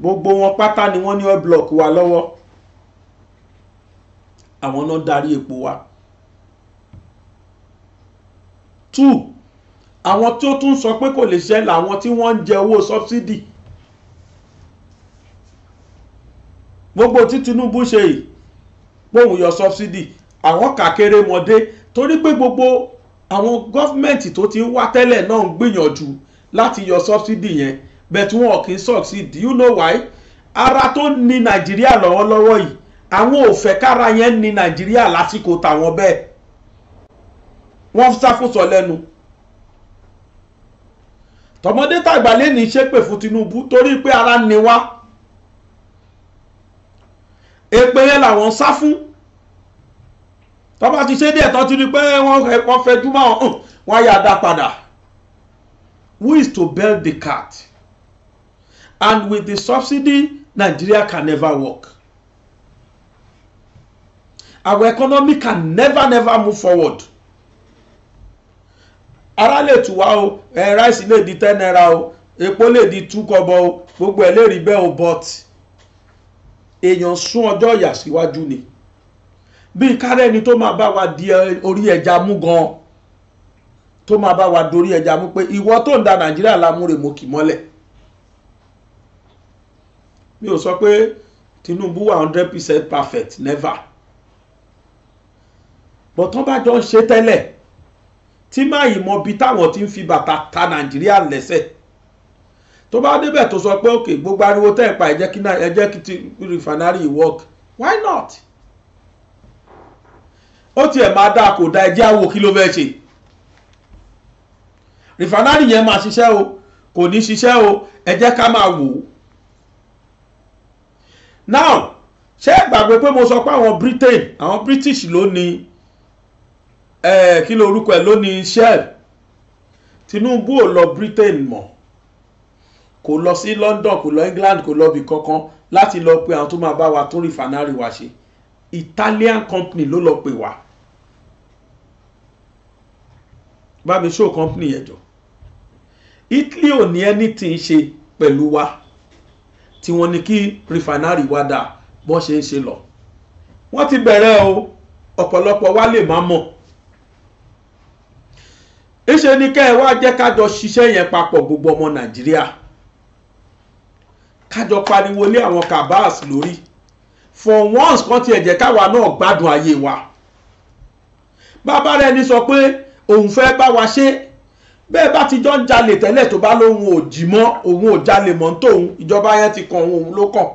gbogbo wọn pátá ni wọ́n ní oil block wa lọ́wọ́ àwọn náà darí epo wa two àwọn tí ó tún sọ pé kò lè ṣẹ́ làwọn tí wọ́n ń jẹ owó sọ́bsidì gbogbo tí Tinubu ṣe yìí póun yọ sọ́bsidì àwọn kàkéré mọ́dé torí pé gbogbo àwọn gọ́fìmẹ̀ntì tó ti ń wá tẹ́lẹ̀ náà ń gbìyànjú láti yọ subsidy. yẹn but wọn kì í succeed do you know why ara tó ní Nàìjíríà lọ́wọ́lọ́wọ́ yìí àwọn ò fẹ́ kára yẹn ní Nàìjíríà lásìkò tàwọn bẹ́ẹ̀ wọ́n sáfòsọ lẹ́nu tọmọdé tàgbà lẹ́ni ṣépè fún Tinubu torí pé ara ni wá èpè yẹn làwọn sá fún tọ́ba ti ṣe díẹ̀ tán ti rí pé wọ́n fẹ́ dúmọ̀ ọ̀hún wọ́n yà dá padà who is to bail the cat and with the subsidy Nigeria can never work our economy can never never move forward ara lè tù wá o ẹ ráìsì lè di ten naira o epo lè di two kọ́bọ̀ o gbogbo ẹ̀ lè rí bẹ́ẹ̀ o but èèyàn sún ọjọ́ ìyà síwájú ni bíi kárẹ́ ni tó máa bá wa di orí ẹja mú gan tó máa bá wa dorí ẹja mú pé ìwọ tó ń da nàìjíríà lámúre mo kì mọ́lẹ̀ mi ò sọ pé Tinubu wà hundred percent perfect never bọ̀tán bá jọ ń ṣe tẹ́lẹ̀ tí máa yìí mọ bí táwọn ti ń fi bàtà ta nàìjíríà lẹ́sẹ̀ tó bá débẹ̀ tó sọ pé òkè gbogbo ariwo tẹ́ ẹ̀ pa ẹ jẹ́ kí ti refinery work why not ó tiẹ̀ máa dáa kò da ẹjẹ́ àwò kí ló fẹ́ ṣe refinery yẹn máa ṣiṣẹ́ o kò ní ṣiṣẹ́ o ẹ jẹ́ ká máa wò ó now ṣé ẹ gbàgbé pé mo sọ pé àwọn Britain àwọn British ló ní kí ló orúkọ ẹ̀ lónìí shell Tinubu ò lọ Britain mọ́ kò lọ sí London kò lọ England kò lọ bí kankan láti lọ pe àwọn tó máa bá wa tún rìfánárì wa ṣe Italian company ló lọ pè wá bá show company yẹn jọ Italy ò ní anything ṣe pẹ̀lú wa tí wọ́n ní kí rìfánárì wa dà bọ́n ṣe ń ṣe lọ wọ́n ti bẹ̀rẹ̀ o ọ̀pọ̀lọpọ̀ wa lè má mọ̀ ìṣe ni kẹ́ ẹ wá jẹ́ kájọ ṣiṣẹ́ yẹn papọ̀ gbogbo ọmọ nàìjíríà kájọ pariwo lé àwọn kabas lórí for once kan tiẹ̀ jẹ́ káwa náà gbádùn ayé wa bàbá rẹ̀ ni sọ pé òun fẹ́ bá wa ṣe bẹ́ẹ̀ bá ti jọ ń jalè tẹ́lẹ̀ tó bá lóun ò jí mọ́ òun ò jalè mọ́ tóun ìjọba yẹn ti kàn òun ló kàn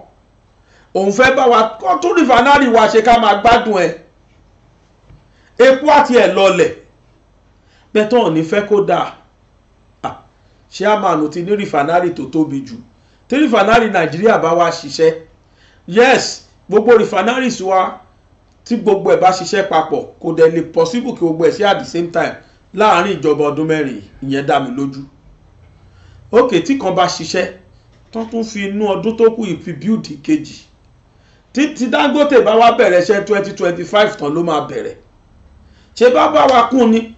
òun fẹ́ bá wa kọ́ tún rìfánárì wa ṣe ká máa gbádùn ẹ̀ epo àti ẹ̀ lọlẹ̀ bẹ́tọ̀ ò ní fẹ́ kó dà ṣíàmánu ah, ti ní rìfánárì tó tóbi jù tí rìfánárì nàìjíríà bá wá ṣiṣẹ́ yes gbogbo rìfánárì wa tí gbogbo ẹ̀ bá ṣiṣẹ́ papọ̀ kò dẹ̀ lè possible kí gbogbo ẹ̀ ṣe at the same time láàárín ìjọba ọdún mẹ́rin ìyẹn dá mi lójú òkè tí kan bá ṣiṣẹ́ tó tún fi inú ọdún tó kù ìfi bíúdì kejì títí Dangote bá wá bẹ̀rẹ̀ ṣẹ́ twenty twenty five tán ló máa bẹ̀rẹ̀ ṣé bá bá wa kún ni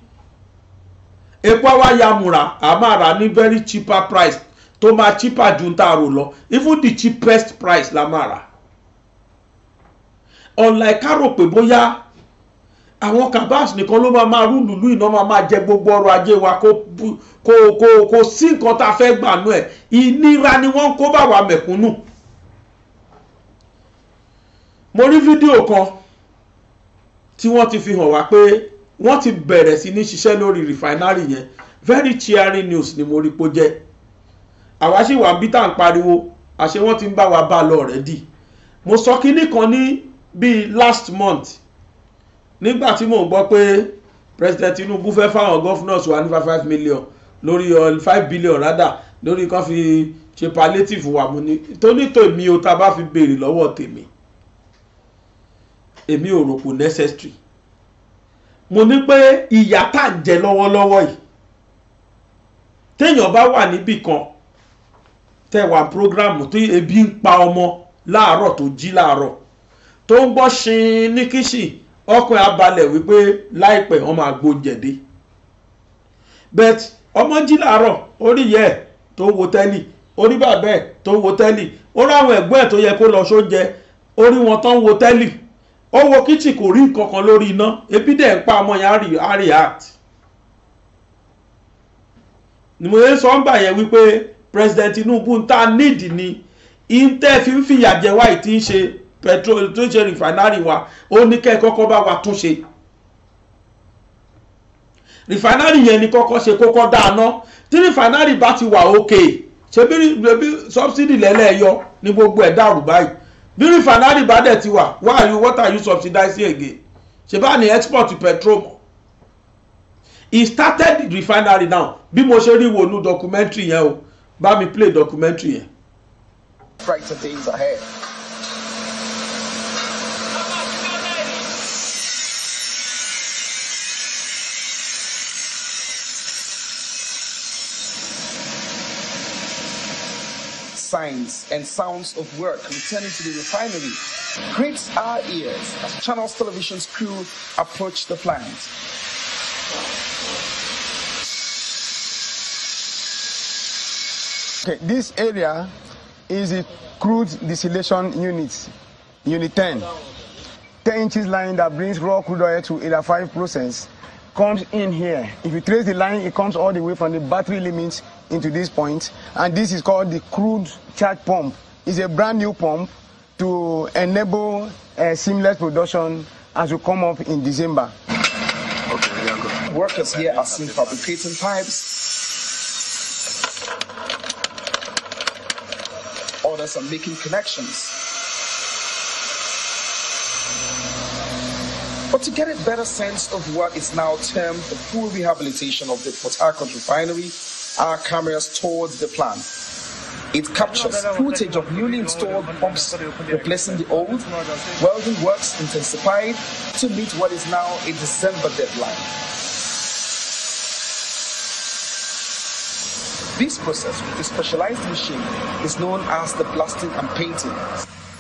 epo àwa ya múra a máa rà ní very cheaper price tó máa cheaper ju ń tààrò lọ even the cheapest price la máa rà unlike ká rò pé bóyá àwọn kabas nìkan ló máa máa rúlù lù iná máa máa jẹ gbogbo ọrọ̀ ajé wa kó kó kó kó sí nǹkan tá a fẹ́ gbà nú ẹ̀ ìnira ni wọ́n ń kó bá wa mẹ̀kúnnù mo rí fídíò kan tí wọ́n ti fi hàn wá pé wọ́n ti bẹ̀rẹ̀ sí ní ṣiṣẹ́ lórí rìfáínárì yẹn very cheering news ni mo rí pó jẹ́ àwa sì wà bí tá à ń pariwo àṣé wọ́n ti ń bá wa bá a lọ already mo sọ kínní kan ní bíi last month nígbà tí mò ń gbọ́ pé president Tinubu fẹ́ fáwọn governors wa ní five five million lórí five billion rádà lórí kan fi ṣe palliative wà mú ni tónítò mi o ta bá fi béèrè lọ́wọ́ tèmi èmi ò rò kò necessary mo ní pé ìyà tá à ń jẹ lọ́wọ́lọ́wọ́ yìí téèyàn bá wà níbì kan tẹwà programu tí ebi ń pa ọmọ láàárọ̀ tó jí láàárọ̀ tó ń gbọ́ ṣin ní kíṣì ọkọ̀ abalẹ̀ wípé láìpẹ́ wọ́n máa gbóúnjẹ̀dé bet ọmọ jí láàárọ̀ orí yẹ tó wo tẹ́lì orí bàbá ẹ̀ tó wo tẹ́lì ó ráwọn ẹ̀gbọ́n ẹ̀ tó yẹ kó lọ sóúnjẹ orí wọn tán wo tẹ́lì ó wo kíchìn kò rí nǹkan kan lórí iná ebi dẹ̀ ń pa ọmọ yẹn á react ni mo yẹn sọ ń gbà yẹn wípé president Tinubu ń ta níìdì ni intẹ́ fi ń fìyà jẹ wáyé tí ń ṣe petrol tó ń ṣe rìfánárì wa ó ní kẹ́ ẹ kọ́kọ́ bá wa tún ṣe rìfánárì yẹn ni kọ́kọ́ ṣe kọ́kọ́ dáná tí rìfánárì bá ti wà òkè ṣebí ṣebí sọ́bsidì lẹ́lẹ́yọ ní gbogbo ẹ̀ dàrú báyìí bí rìfànárì bá dẹ̀ ti wà why are you what are you subsidizing again ṣe bá ní export petrol mọ́ he started the refinery now bí mo ṣe rí wònú documentary yẹn o bá mi play documentary yẹn. signs and sounds of work returning to the refinery greets our ears as Channels Television's crew approach the plant. Okay, this area is the crude distillation unit, unit 10. 10 inches line that brings raw crude oil to 5 process comes in here. If you trace the line, it comes all the way from the battery limits into this point, and this is called the crude charge pump. It's a brand new pump to enable uh, seamless production as we come up in December. Okay, Workers here are seen fabricating pipes. Others are making connections. But to get a better sense of what is now termed the full rehabilitation of the Port Harcourt refinery, our cameras towards the plant. It captures footage of newly installed pumps replacing the old. Welding works intensified to meet what is now a December deadline. This process with a specialized machine is known as the blasting and painting.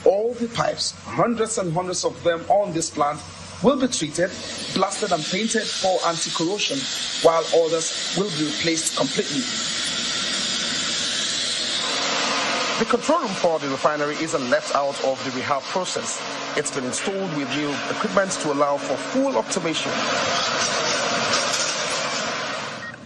All the pipes, hundreds and hundreds of them on this plant, will be treated, blasted, and painted for anti corrosion, while others will be replaced completely. The control room for the refinery isn't left out of the rehab process. It's been installed with new equipment to allow for full optimization.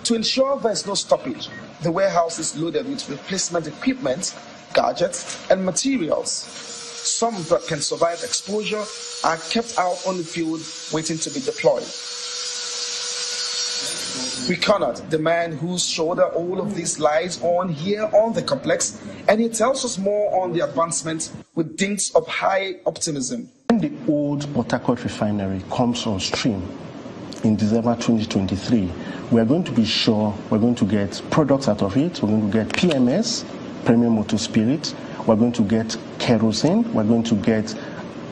To ensure there's no stoppage, the warehouse is loaded with replacement equipment, gadgets, and materials. Some that can survive exposure are kept out on the field waiting to be deployed. We cannot. The man whose shoulder all of this lies on here on the complex, and he tells us more on the advancement with dents of high optimism. When the old Port refinery comes on stream in December 2023, we are going to be sure we're going to get products out of it. We're going to get PMS, premium motor spirit. We're going to get kerosene. We're going to get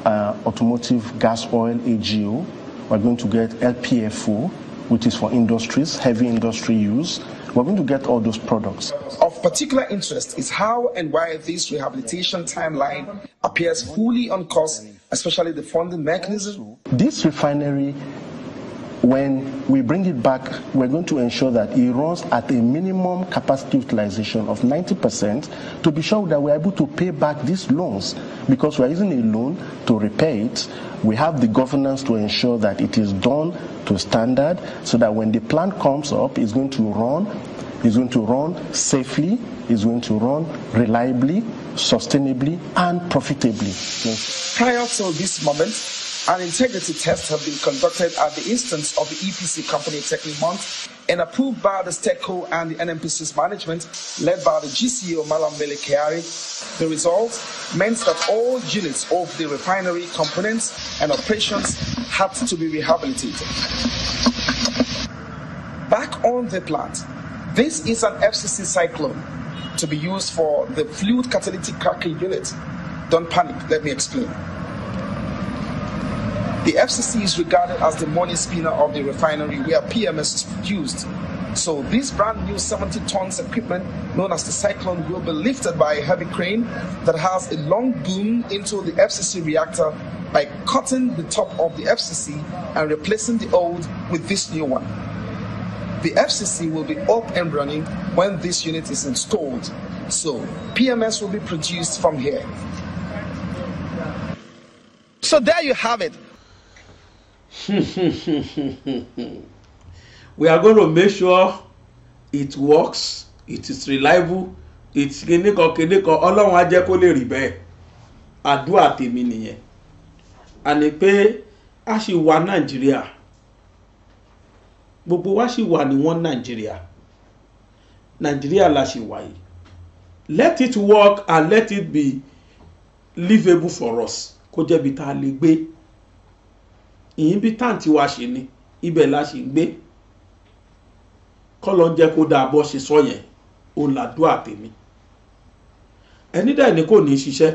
uh, automotive gas oil AGO. We're going to get LPFO, which is for industries, heavy industry use. We're going to get all those products. Of particular interest is how and why this rehabilitation timeline appears fully on course, especially the funding mechanism. This refinery when we bring it back, we're going to ensure that it runs at a minimum capacity utilization of 90% to be sure that we're able to pay back these loans because we're using a loan to repay it. We have the governance to ensure that it is done to standard so that when the plan comes up, it's going to run, it's going to run safely, it's going to run reliably, sustainably, and profitably. Yes. Prior to this moment, an integrity test has been conducted at the instance of the EPC company Technimont and approved by the STECO and the NMPC's management, led by the GCO Malam Melekeari. The result meant that all units of the refinery components and operations had to be rehabilitated. Back on the plant, this is an FCC cyclone to be used for the fluid catalytic cracking unit. Don't panic, let me explain. The FCC is regarded as the money spinner of the refinery where PMS is produced. So this brand new 70 tons equipment known as the Cyclone will be lifted by a heavy crane that has a long boom into the FCC reactor by cutting the top of the FCC and replacing the old with this new one. The FCC will be up and running when this unit is installed. So PMS will be produced from here. So there you have it. [LAUGHS] we are going to make sure it works it is reliable it kìnnìkan kìnnìkan ọlọ́run á jẹ́ kó lè rí bẹ́ẹ̀ àdúrà tèmi nìyẹn àní pé a sì wà nàìjíríà gbogbo wa sì wà ní wọn nàìjíríà nàìjíríà la sì wà yìí let it work and let it be livable for us kó jẹ́ tá a lè gbé ìhìnbítàǹtì wa ṣe ni ibẹ̀ la ṣe ń gbé kọ́lọ́ jẹ́ kó dáa bọ́ ṣe sọ yẹn òun làdúrà tèmi ẹni dẹ̀ ni kò ní í ṣiṣẹ́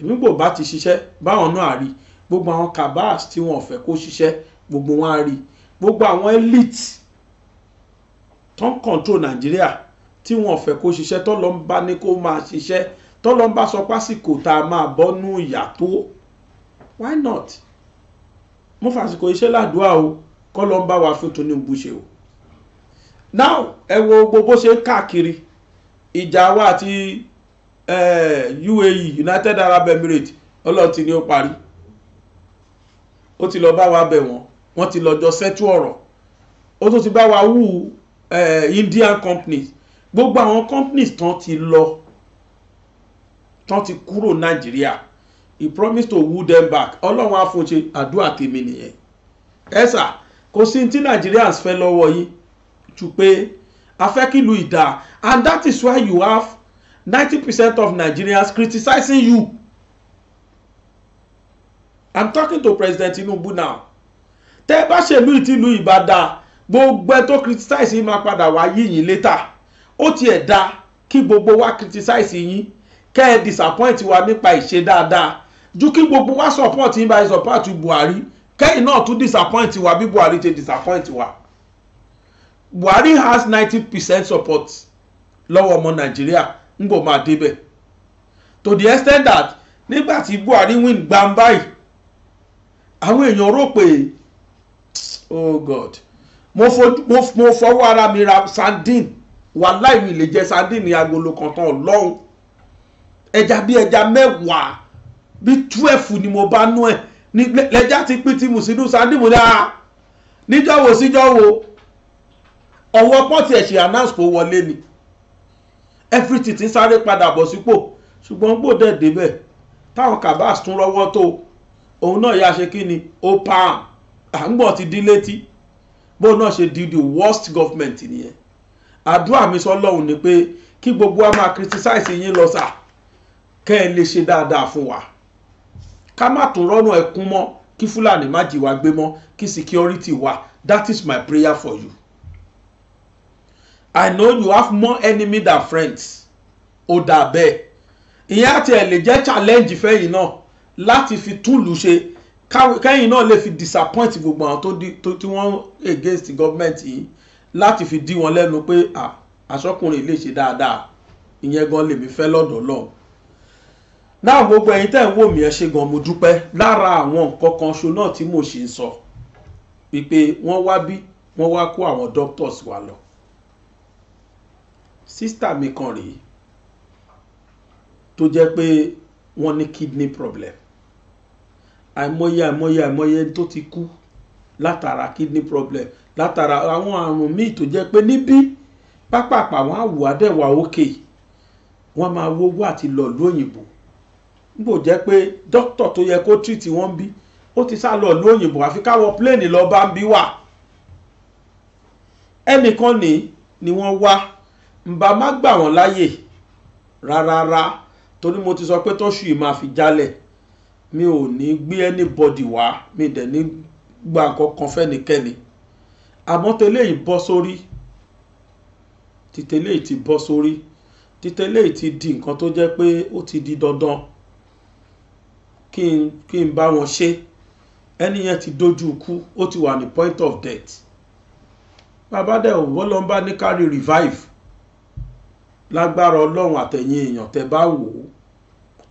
èmi bò bá ti ṣiṣẹ́ báwọn náà rí gbogbo àwọn kabas tí wọn fẹ́ kó ṣiṣẹ́ gbogbo wọn rí gbogbo àwọn elite tó ń control nàìjíríà tí wọn fẹ́ kó ṣiṣẹ́ tó lọ ń bá ní kó máa ṣiṣẹ́ tó ń bá sọ pásìkò tá a máa bọ́ nú ìyà why not? mo fàsìkò iṣẹ́ làdúrà o kọ́ ló ń bá wa fún Tinubu ṣe o now ẹ wo gbogbo ṣe káàkiri ìjà wa àti eh, UAE United Arab Emirates ọlọ́ọ̀tì ni ó parí ó ti lọ bá wa bẹ̀ wọ́n wọ́n ti lọ́jọ́ sẹ́tú ọ̀rọ̀ ó tún ti bá wa wú eh, Indian companies gbogbo àwọn companies tán ti lọ tán ti kúrò Nàìjíríà he promised to woo them back ọlọ́run á fún un ṣe àdúrà tèmi nìyẹn ẹ sà kò sí tí Nigerians fẹ́ lọ́wọ́ yín jù pé a fẹ́ kí lu ìdá and that is why you have ninety percent of Nigerians criticising you I'm talking to President Tinubu now tẹ́ ẹ bá ṣèlú ìtìlú ìbàdàn gbogbo ẹ tó criticize yín máa padà wá yíyìn létà ó tiẹ̀ dáa kí gbogbo wa criticize yín kẹ́ ẹ disappoint wa nípa ìṣe dáadáa ju kí gbogbo wa support yín báyìí support Buhari kẹ́yìn náà tún disappoint wa bí Buhari ṣe disappoint wa Buhari has ninety percent support lọ́wọ́ ọmọ Nàìjíríà ń bò máa débẹ̀ to the extent that nígbà tí Buhari win gbam báyìí àwọn èèyàn rò pé oh God mo fọwọ́ ara mi ra sardine wàhálà ìwìlè jẹ sardine ní agolo kan tán ọlọ́run ẹja bíi ẹja mẹ́wàá bí twelve ni mo bá nú ẹ̀ ní lẹ́jà ti pín ti mùsùlùmí sandi mo dáa níjọ́wọ́ síjọ́wọ́ ọ̀wọ́ pọ́ǹtì ẹ̀ announce kó wọlé ni everything ti sáré padà bọ̀ sípò ṣùgbọ́n gbòdẹ̀ débẹ̀ táwọn kabas tún rọ́wọ́ tó òun náà yá ṣe kí ni ó pa àǹgbọ̀n ti dín létí bóun náà ṣe di the worst government nìyẹn àdúrà mi sọ lọ́hùn ni pé kí gbogbo wa máa criticize yín lọ sà kẹ́ ẹ lè ṣe dáadáa fún wa ká má tún rọ́nà ẹkún mọ́ kí fúlàní má jí gbé mọ́ kí security wà that is my prayer for you i know you have more enemy than friends ó dà bẹ́ẹ̀ ìyẹn àti ẹ̀ lè jẹ́ challenge fẹ́yìn náà láti fi túlù ṣe kẹ́yìn náà lè fi disappoint gbogbo àwọn tí wọ́n against government yìí láti fi dí wọn lẹ́nu pé àṣọkùnrin lè ṣe dáadáa ìyẹn gan lèmi fẹ́ lọ́dọ̀ Ọlọ́run náà gbogbo ẹ̀yin tẹ́ ń wò mí ẹ ṣé gan mo dúpẹ́ lára àwọn nǹkan kan ṣo náà tí mo ṣe ń sọ wípé wọ́n wá bí wọ́n wá kó àwọn doctors wa lọ sísítà mi kan rèé tó jẹ́ pé wọ́n ní kidney problem àìmọye àìmọye àìmọye tó ti kú látara kidney problem látara àwọn àrùn míì tó jẹ́ pé níbí pápápá wọn á wò á máa wówó àti lọ lóyìnbó níbo jẹ́ pé dókítà tó yẹ kó tírìtì wọ́n bí ó ti sá lọ lóyìnbó àfi káwọ pléènì lọ bá ń bí wà ẹnìkan ní ni wọ́n wá ǹbá má gbà wọ́n láyè rárára torí mo ti sọ pé tóṣù yìí máa fi jálẹ̀ mi ò ní gbé anybody wá mi dẹ̀ ní gba nǹkan fẹ́nikẹ́ni àmọ́ tẹ́lẹ̀ yìí bọ́ sórí títẹ́lẹ̀ yìí ti bọ́ sórí títẹ́lẹ̀ yìí ti di nǹkan tó jẹ́ pé ó ti di dandan kí n kí n bá wọn ṣe ẹni yẹn ti dojú ikú ó ti wà ní point of death bàbá dẹ̀ ò wọ́n ń bá ní kárí revive lágbára ọlọ́run àtẹ̀yìn èèyàn tẹ́ bá wò ó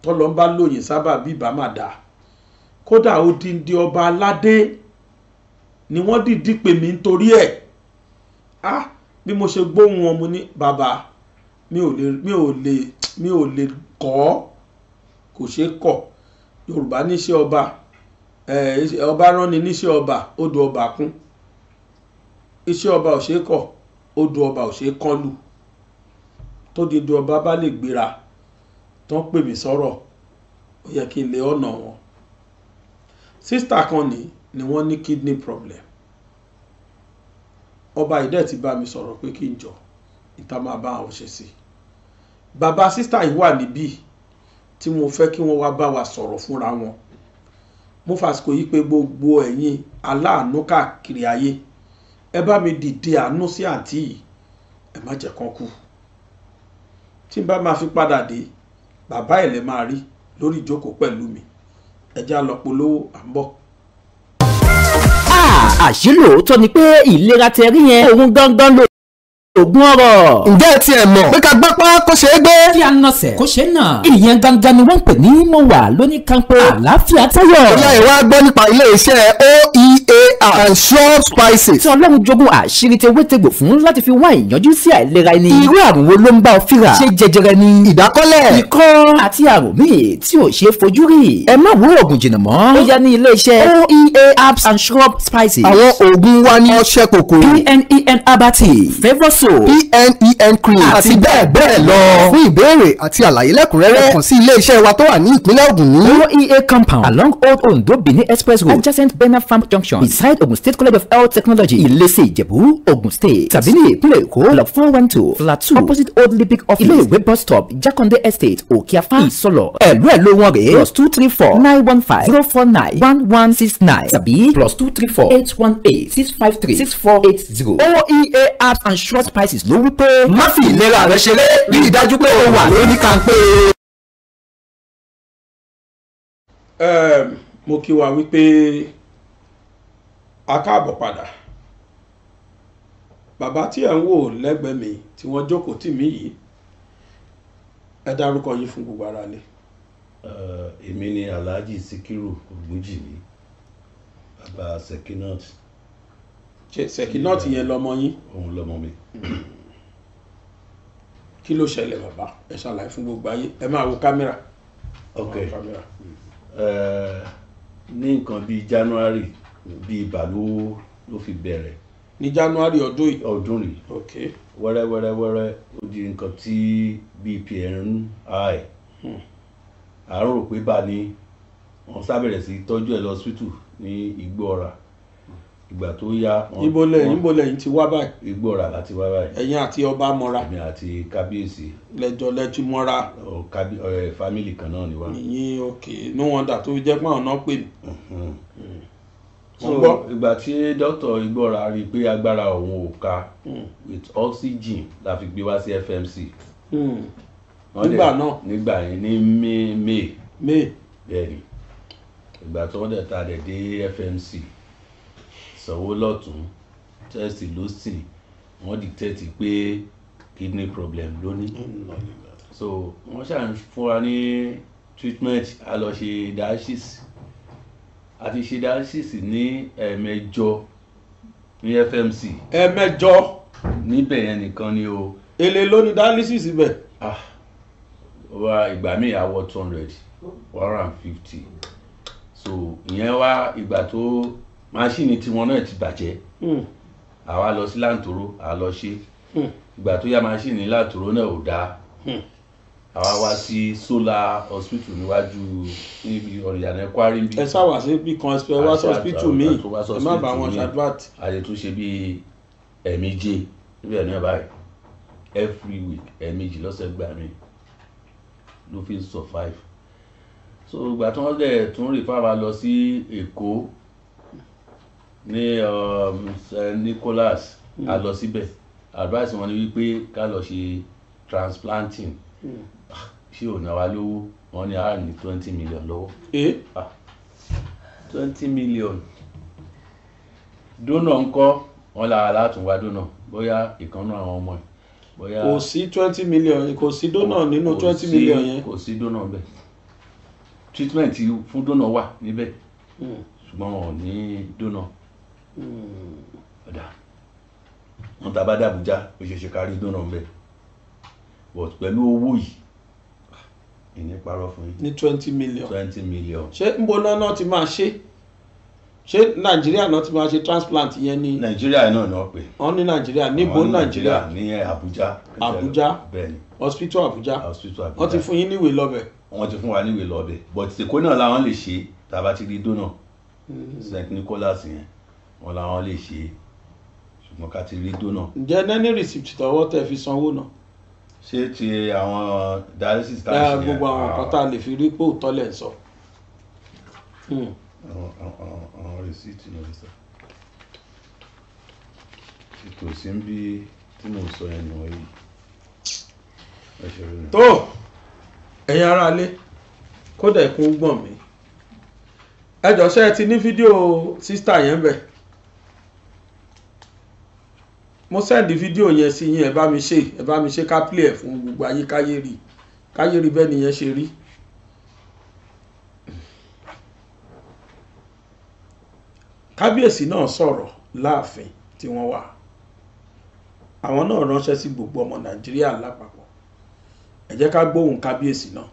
tọ́lọ́ ń bá lóyìn sábà bí ìbá má dáa kódà odindi ọba aládé ni wọ́n dìdí pè mí nítorí ẹ̀ ah bí mo ṣe gbóhùn wọn mo ní bàbá mi ò lè kọ́ kò ṣeé kọ́ yorùbá níṣẹ́ ọba ọba rán ni níṣẹ́ ọba odò ọba kún iṣẹ́ ọba ò ṣe é kọ̀ odò ọba ò ṣe é kọlù tó di odò ọba bá lè gbéra tán pè mí sọ̀rọ̀ ó yẹ kí n lè ọ̀nà wọn sísítà kan ní ni wọ́n ní kidney problem ọba ìdẹ́ ti bá mi sọ̀rọ̀ pé kí n jọ ìta máa bá àwọn ṣe sí bàbá sísítà yìí wà níbí tí mo fẹ́ kí wọ́n wá bá wa sọ̀rọ̀ fúnra wọn mo fàsìkò yìí pé gbogbo ẹ̀yin aláàánú káàkiri ayé ẹ bá mi dìde àánú sí àǹtí yìí ẹ má jẹ́ kán kú tí n bá máa fi padà dé bàbá ẹ̀ lẹ́ máa rí lórí ìjókòó pẹ̀lú mi ẹ já lọ polówó à ń bọ̀ àṣìlò tó ni pé ìlera tẹ̀rí yẹn òun gangan ló ògùn ọ̀rọ̀. ǹjẹ́ ẹ tiẹ̀ mọ̀. pé ká gbọ́pọ́ kó ṣeé gbé. kí a nọ sẹ̀ kó ṣe náà. ìyẹn gangan ni wọ́n pè ní mo wà lóní kanpo àlàáfíà tayọ. ìyá ìwà gbọ́ nípa ilé oea and sure spices. tí ọlọ́run jogún àṣírí ti ewé tegbò fún láti fi wá ìyanjú sí àìlera ẹni. irú àrùn wo ló ń bá ọ fíra. ṣé jẹjẹrẹ ni. ìdákọ́lẹ̀. ikọ́ àti àrùn míì tí ò ṣeé fojú rí. ẹ má wú oògùn jìnnà mọ́. ó yá ní ilé oea herbs and shrub spices. àwọn oògùn wa ní ọṣẹ kòkòrò. pnen herbal tea favour soap Crypto PNEN Crypto àti bẹ́ẹ̀ bẹ́ẹ̀ lọ. fún ìbéèrè àti àlàyé lẹ́kùnrẹ́rẹ́ kàn sí ilé-iṣẹ́ wa tó wà ní ìpínlẹ̀ Ògùn ní. owó ea compound along old Ondo Benin express road adjacent Bena farm junction beside Ogun State College of Health Technology Ilese Ìjẹ̀bú Ogun State Sabini ní ìpínlẹ̀ Èkó block four one two flat two opposite old Olympic office ilé ìwé bus stop Jakonde estate Òkèàfà Ìsọlọ̀ hmm. ẹ̀lú ẹ̀ ló wọ́n rè é plus two three four nine one five zero four nine one one six nine tàbí plus two three four eight one eight six five three six four eight zero OEA apps and short spices ló wí pé má fi ìlera rẹ ṣeré rí i dájú pé o wà lórí kàńpé. mo kí wa wípé a káàbọ̀ padà bàbá tí ẹ̀ ń wò lẹ́gbẹ̀ẹ́ mi tí wọ́n jókòó tì mí yìí ẹ dárúkọ yín fún gbogbo ara ni. èmi ni alhaji sikiru ogunjìmí bàbá sekinat ṣèkínọ́ọ̀tì yẹn lọmọ yín. òun lọmọ mi. kí ló ṣẹlẹ̀ bàbá ẹ ṣàlàyé fún gbogbo ayé ẹ máa wo kámẹ́rà. ok ní nǹkan bíi january bíi bàlú ló fi bẹ̀rẹ̀. ní january ọdún yìí. ọdún yìí. ok wẹ́rẹ́wẹ́rẹ́wẹ́rẹ́ ó di nǹkan tí bpn i àárò hmm. pé bá ní wọ́n sábẹ̀rẹ̀ sí tọ́jú ẹ̀ lọ́sítù ní igbó ọ̀ra ìgbà tó yá. ibo lẹ́yìn ibo lẹ́yìn ti wá báyìí. igbóra láti wá báyìí. ẹ̀yin àti ọba mọ́ra. èmi àti kábíyèsí. lẹjọ lẹti mọ́ra. ọ kábí ọ ẹ fámìlì kan náà ni wá. ìyín òkè ní wọn dà tó jẹ́ pé ọ̀nà pè mí. Hmm. so ìgbà tí dókítà igbóra rí i pé agbára òun ò ka hmm. with oxygen la fi gbé wá sí FMC. Hmm. nígbà náà nígbà yẹn ní may may. may. ìgbà tí wọn dẹ ta dẹ dé FMC. Mm sanwó lọ́tún test lọ́sì wọ́n detect pé kidney problem ló ní so wọ́n ṣà ń fún ní treatment a lọ ṣe dialysis a ti ṣe dialysis ní ẹ̀ẹ̀mẹjọ ní FMC. ẹ̀ẹ̀mẹjọ. níbẹ̀ yẹn nìkan ni o. èlé ló ní dialysis bẹ̀. ah wa ìgbà míì á wọ two hundred one hundred and fifty so ìyẹn wá ìgbà tó máṣíìnì tiwọn náà ti bàjẹ́ hmm. àwa lọ sí láǹtòrò àwa lọ ṣe hmm. ìgbà tó yá máṣíìnì láǹtòrò náà ò dáa hmm. àwa wá sí solar hospital níwájú níbi ọ̀rìyànà kwari bí. ẹ sáwà sí bí kan ẹ wá sí hospital míì ẹ má bá wọn ṣàdúràtì. àyè tó ṣe bíi ẹ̀ẹ̀méje níbẹ̀ náà báyìí every week ẹ̀ẹ̀mejì lọ́sẹ̀ gbà mí ló fi survive so ìgbà tí wọ́n dẹ̀ tún rìn fáwa lọ sí èkó ní um, Nicholas hmm. a lọ síbẹ̀ advice wọn ni wípé ká lọ ṣe transplanting hmm. ah, ṣé ò náwa lówó wọn ní àá ah, ní twenty million lọ́wọ́ ah. twenty million dónà ńkọ́ wọn lára látún wá dónà bóyá ìkànnú àwọn ọmọ ẹ̀ bóyá kò sí twenty million kò sí dónà nínú twenty million yẹn kò sí dónà bẹ́ẹ̀ treatment fún dónà wà níbẹ̀ hmm. ṣùgbọ́n wọn ò ní dónà ọ̀dà wọn ta bá dé Àbújá ó ṣe ṣe kárí dúnrán bẹ́ẹ̀ but pẹ̀lú owó yìí ìní parọ́ fún yín. ní twenty million twenty million. ṣé ń bo náà náà ti máa ṣe ṣé nàìjíríà náà ti máa ṣe transplant yẹn ní. nàìjíríà náà náà pè. wọ́n ní nàìjíríà níbo nàìjíríà. ní Àbújá. Àbújá bẹ́ẹ̀ni. hospital abuja hospital Àbújá wọ́n ti fún yín níwèé lọ́bẹ̀. wọ́n ti fún wa níwèé lọ́bẹ̀ but èkó náà làwọn lè ṣe tàbá ti rí dónà hmm. St Nicholas yẹn wọn làwọn lè ṣe ṣùgbọ́n ká ti rí dóná. ǹjẹ́ nẹ́ni receipt tọwọ́ tẹ̀ fi sanwó náà. ṣé ti àwọn dialysis tá a ṣe yẹn. gbogbo àwọn nǹkan tá a lè fi rí pé òótọ́ lẹ̀ ń sọ. Hmm. àwọn receipt náà ń sọ. ètò sí ń bí tí mò ń sọ yẹn nù ẹ́ yìí. tó ẹ̀yin aráalé kódà ikú gbọ̀n mi ẹ jọ ṣé ẹ ti ní fídíò sísítà yẹn bẹ́ẹ̀ mo sẹ́ndì fídíò yẹn sí yín ẹ bá mi ṣe ẹ bá mi ṣe ká play ẹ̀ fún gbogbo ayé káyé rí káyé rí bẹ́ẹ̀ nìyẹn ṣe rí. kábíyèsí náà sọ̀rọ̀ láàfin tí wọ́n wà àwọn náà ránṣẹ́ sí gbogbo ọmọ nàìjíríà lápapọ̀ ẹ jẹ́ ká gbóhùn kábíyèsí náà.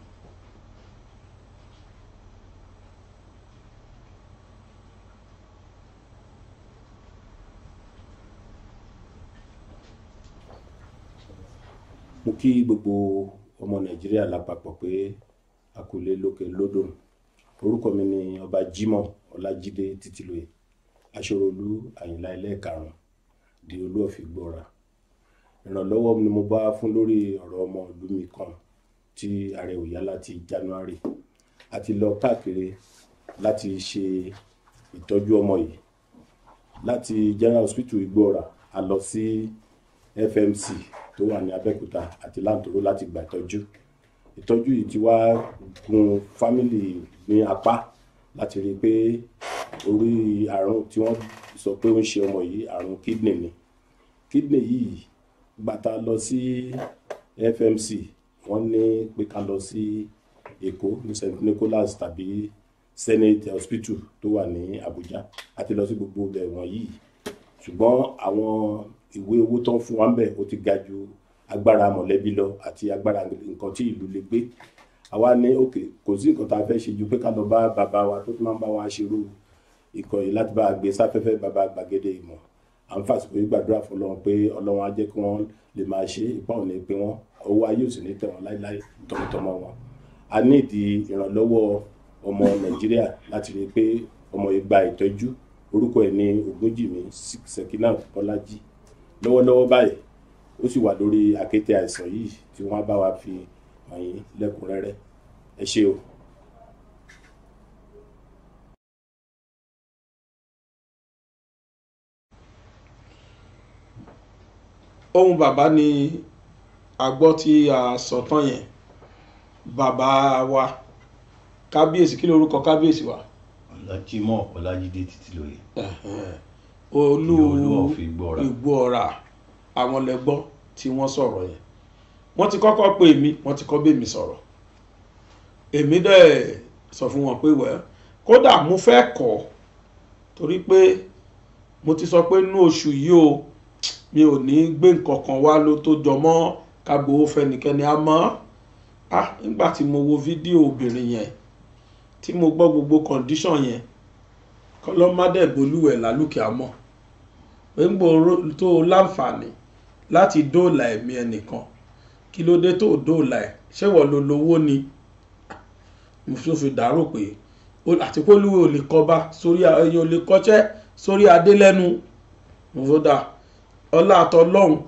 mo kí gbogbo ọmọ nàìjíríà lápapọ̀ pé a kò lè lókè lódò orúkọ mi ni ọba jimoh ọlájídé títílóye aṣọròlú àyìnlá ẹlẹ́ẹ̀karùn di olú of ìgbòrà ni mo bá fún lórí ọ̀rọ̀ ọmọ ìlú mi kan tí ààrẹ láti january a ti lọ káàkiri láti ṣe ìtọ́jú ọmọ yìí láti general hospital ìgbòrà a lọ sí fmc tó wà ní Abẹ́òkúta àti Láǹtòrò láti gba ìtọ́jú ìtọ́jú yìí ti wá gun fámìlì ní apá láti rí i pé orí àrùn tí wọ́n sọ pé ó ń ṣe ọmọ yìí àrùn kidney ni kidney yìí gbàtà lọ sí FMC wọ́n ní pé ká lọ sí Èkó ní St Nicholas tàbí Senate Hospital tó wà ní Abuja àti lọ sí gbogbo ibẹ̀ wọ̀nyí ṣùgbọ́n àwọn ìwé owó tó ń fún wa ń bẹ̀ ó ti ga ju agbára mọ̀lẹ́bí lọ àti agbára nǹkan tí ìlú lè gbé àwa ní òkè kò sí nǹkan tá a fẹ́ ṣe ju pé ká lọ bá bàbá wa tó máa ń bá wa ṣerú ikọ̀ yìí láti bá a gbé sáfẹ́fẹ́ bàbá gbàgede ìmọ̀ à ń fàsìkò yìí gbàdúrà fún ọlọ́run pé ọlọ́run á jẹ́ kí wọ́n lè máa ṣe ipá òní pé wọ́n owó ayé ò sì ní tẹ̀wọ̀n láíláí tọmọtọmọ wọn a ní ìdí ìrànlọ́wọ́ ọmọ nàìjíríà láti rí i pé ọmọ yìí ìtọ́jú orúkọ ẹ̀ ní ogójì mi Sekinat Bọ́lájí lọ́wọ́lọ́wọ́ báyìí ó sì wà lórí àkéte àìsàn yìí tí wọ́n bá wa fi hàn yín lẹ́kùnrẹ́rẹ́ ẹ ṣé o. ohun bàbá ni a gbọ́ tí a sọ tán yẹn bàbá wa kábíyèsí kí lorúkọ kábíyèsí wa. ọ̀làjímọ̀ ọ̀làjídé títí lóye. Uh olú ìgbọ́ra àwọn lẹ́gbọ́ tí wọ́n sọ̀rọ̀ yẹn wọ́n ti kọ́kọ́ pè mí wọ́n ti kọ́ bèmí sọ̀rọ̀ èmi dẹ̀ sọ fún wọn pé wẹ́ kódà mo fẹ́ kọ́ torí pé mo ti sọ pé nú oṣù yìí o mi ò ní gbé nǹkan kan wá ló tó jọ mọ́ ká fẹnikẹ́ni àmọ́ ah nígbà tí mo wo fídíò obìnrin yẹn tí mo gbọ́ gbogbo kọ̀ǹdíṣàn yẹn kọlọ́mádẹ́gbòlúwẹ̀ lálùkẹ́ àmọ́ gbogbo tó láǹfààní láti dóòlà ẹ̀mí ẹnìkan kí ló dé tó dóòlà ẹ̀ ṣéwọ̀ ló lówó ni mùsùlùmí dàrú pé àti pólúwẹ̀ ò lè kọba sórí ẹ̀yìn ò lè kọ́ṣẹ́ sórí adé lẹ́nu mùsùlùmí ọlá àtọlọ́hún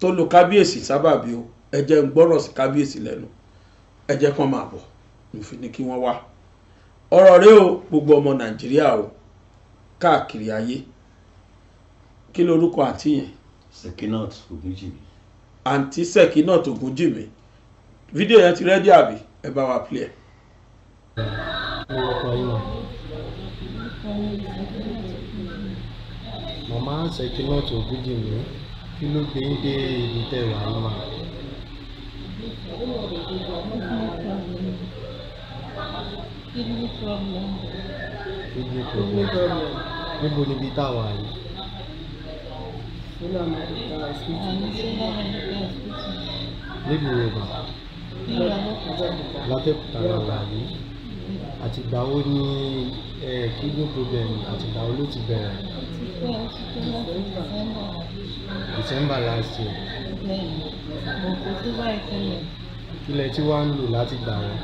tó lo kábíyèsí sábàbí o ẹ jẹ́ ń gbọ́rọ̀ sí kábíyèsí lẹ́nu ẹ jẹ́ kán máa bọ̀ mo fi ní kí wọ́n wá ọ̀rọ̀ rẹ o gbogbo ọmọ nàìjíríà o káàkiri ayé kí lorúkọ àǹtí yẹn. Sekinat Ogunjimi. àǹtí Sekinat Ogunjimi fídíò yẹn ti rẹ́dí àbí ẹ bá wa play ẹ. màmá Sekinat Ogunjimi kí ló gbé ń dé ibi tẹ́ wàá náà. kidney problem. kidney problem. níbo ni ibi tá a wà yìí. Solar medical hospital. níbi Yorùbá. látẹ̀kùtà la wà yìí. àtìgbà wo ni kidney problem àtìgbà wo ló ti bẹ̀rẹ̀. December last year. kí lẹ tí wàá ń lò láti gbà wọn.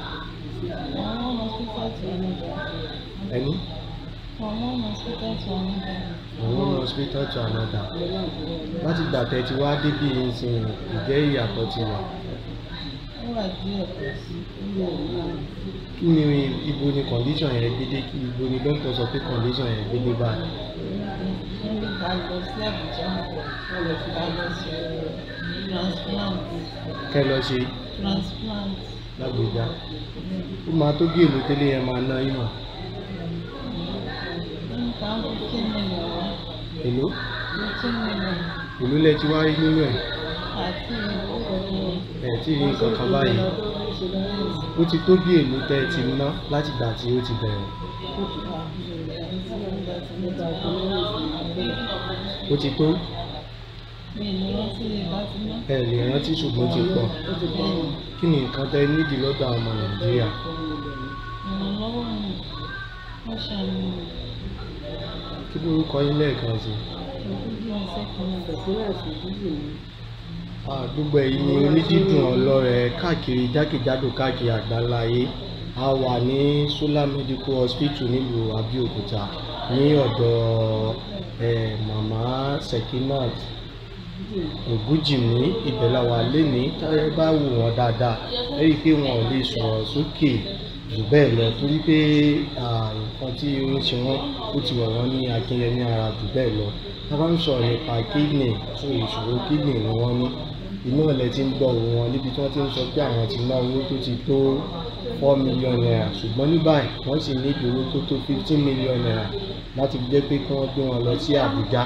Àwọn hospital to another. Any? From one hospital to another. From one hospital to another. Láti gbà tẹ́ ti wá débi ìsìn ìjẹ́ ìyàtọ̀ ti wà. Ó wà díẹ̀ kò sí ilé ìlú. Kí ni ibo ni condition yẹn gbédé ibo ni doctor sọ pé condition yẹn gbédé báyìí? Níbi ká lọ sí Àbújá, mo lọ fi ká lọ ṣe transplant. Kẹ́ lọ ṣe. Transplant lágbèjà ó máa tó bí èlò tẹ́lẹ̀ yẹn máa ná yín mọ̀. èlò èlò lẹ ti wá rí nínú ẹ̀ ẹ̀ tí rí nǹkan kan báyìí ó ti tó bí èlò tẹ́ ti ná látìgbà tí ó ti bẹ̀rẹ̀ ó ti tó. ẹ lè rántí ṣùgbọ́n ti pọ̀ kí ni nǹkan tẹ nídìí lọ́dọ̀ ọmọ nàìjíríà. kí lórúkọ yín lẹ́ẹ̀kan sí gbogbo ẹ̀yin onídídùn ọlọ́rẹ̀ káàkiri jákèjádò káàkiri àgbáláyé a wà ní medical hospital nílùú ní ọ̀dọ̀ mama Sekinat ògúnjì ní ibẹ̀ la wà lénìí tẹ́ bá wò wọ́n dáadáa ẹ rí i pé wọn ò lè sọ̀rọ̀ sókè jù bẹ́ẹ̀ lọ torí pé nǹkan tí ó ń ṣe wọ́n ó ti wọ̀ wọ́n ní akínyẹ ní ara jù bẹ́ẹ̀ lọ tá a bá ń sọ̀rọ̀ nípa kídìnì tó ìṣòro kídìnì ni wọ́n ní inú ọ̀lẹ́ ti ń gbọ́ òun wọn níbi tí wọ́n ti ń sọ pé àwọn ti ná owó tó ti tó four million naira ṣùgbọ́n ní báyìí wọ́n sì ní ìdúró tó tó fifteen million naira láti jẹ́ pé kí wọ́n gbé wọn lọ sí Àbújá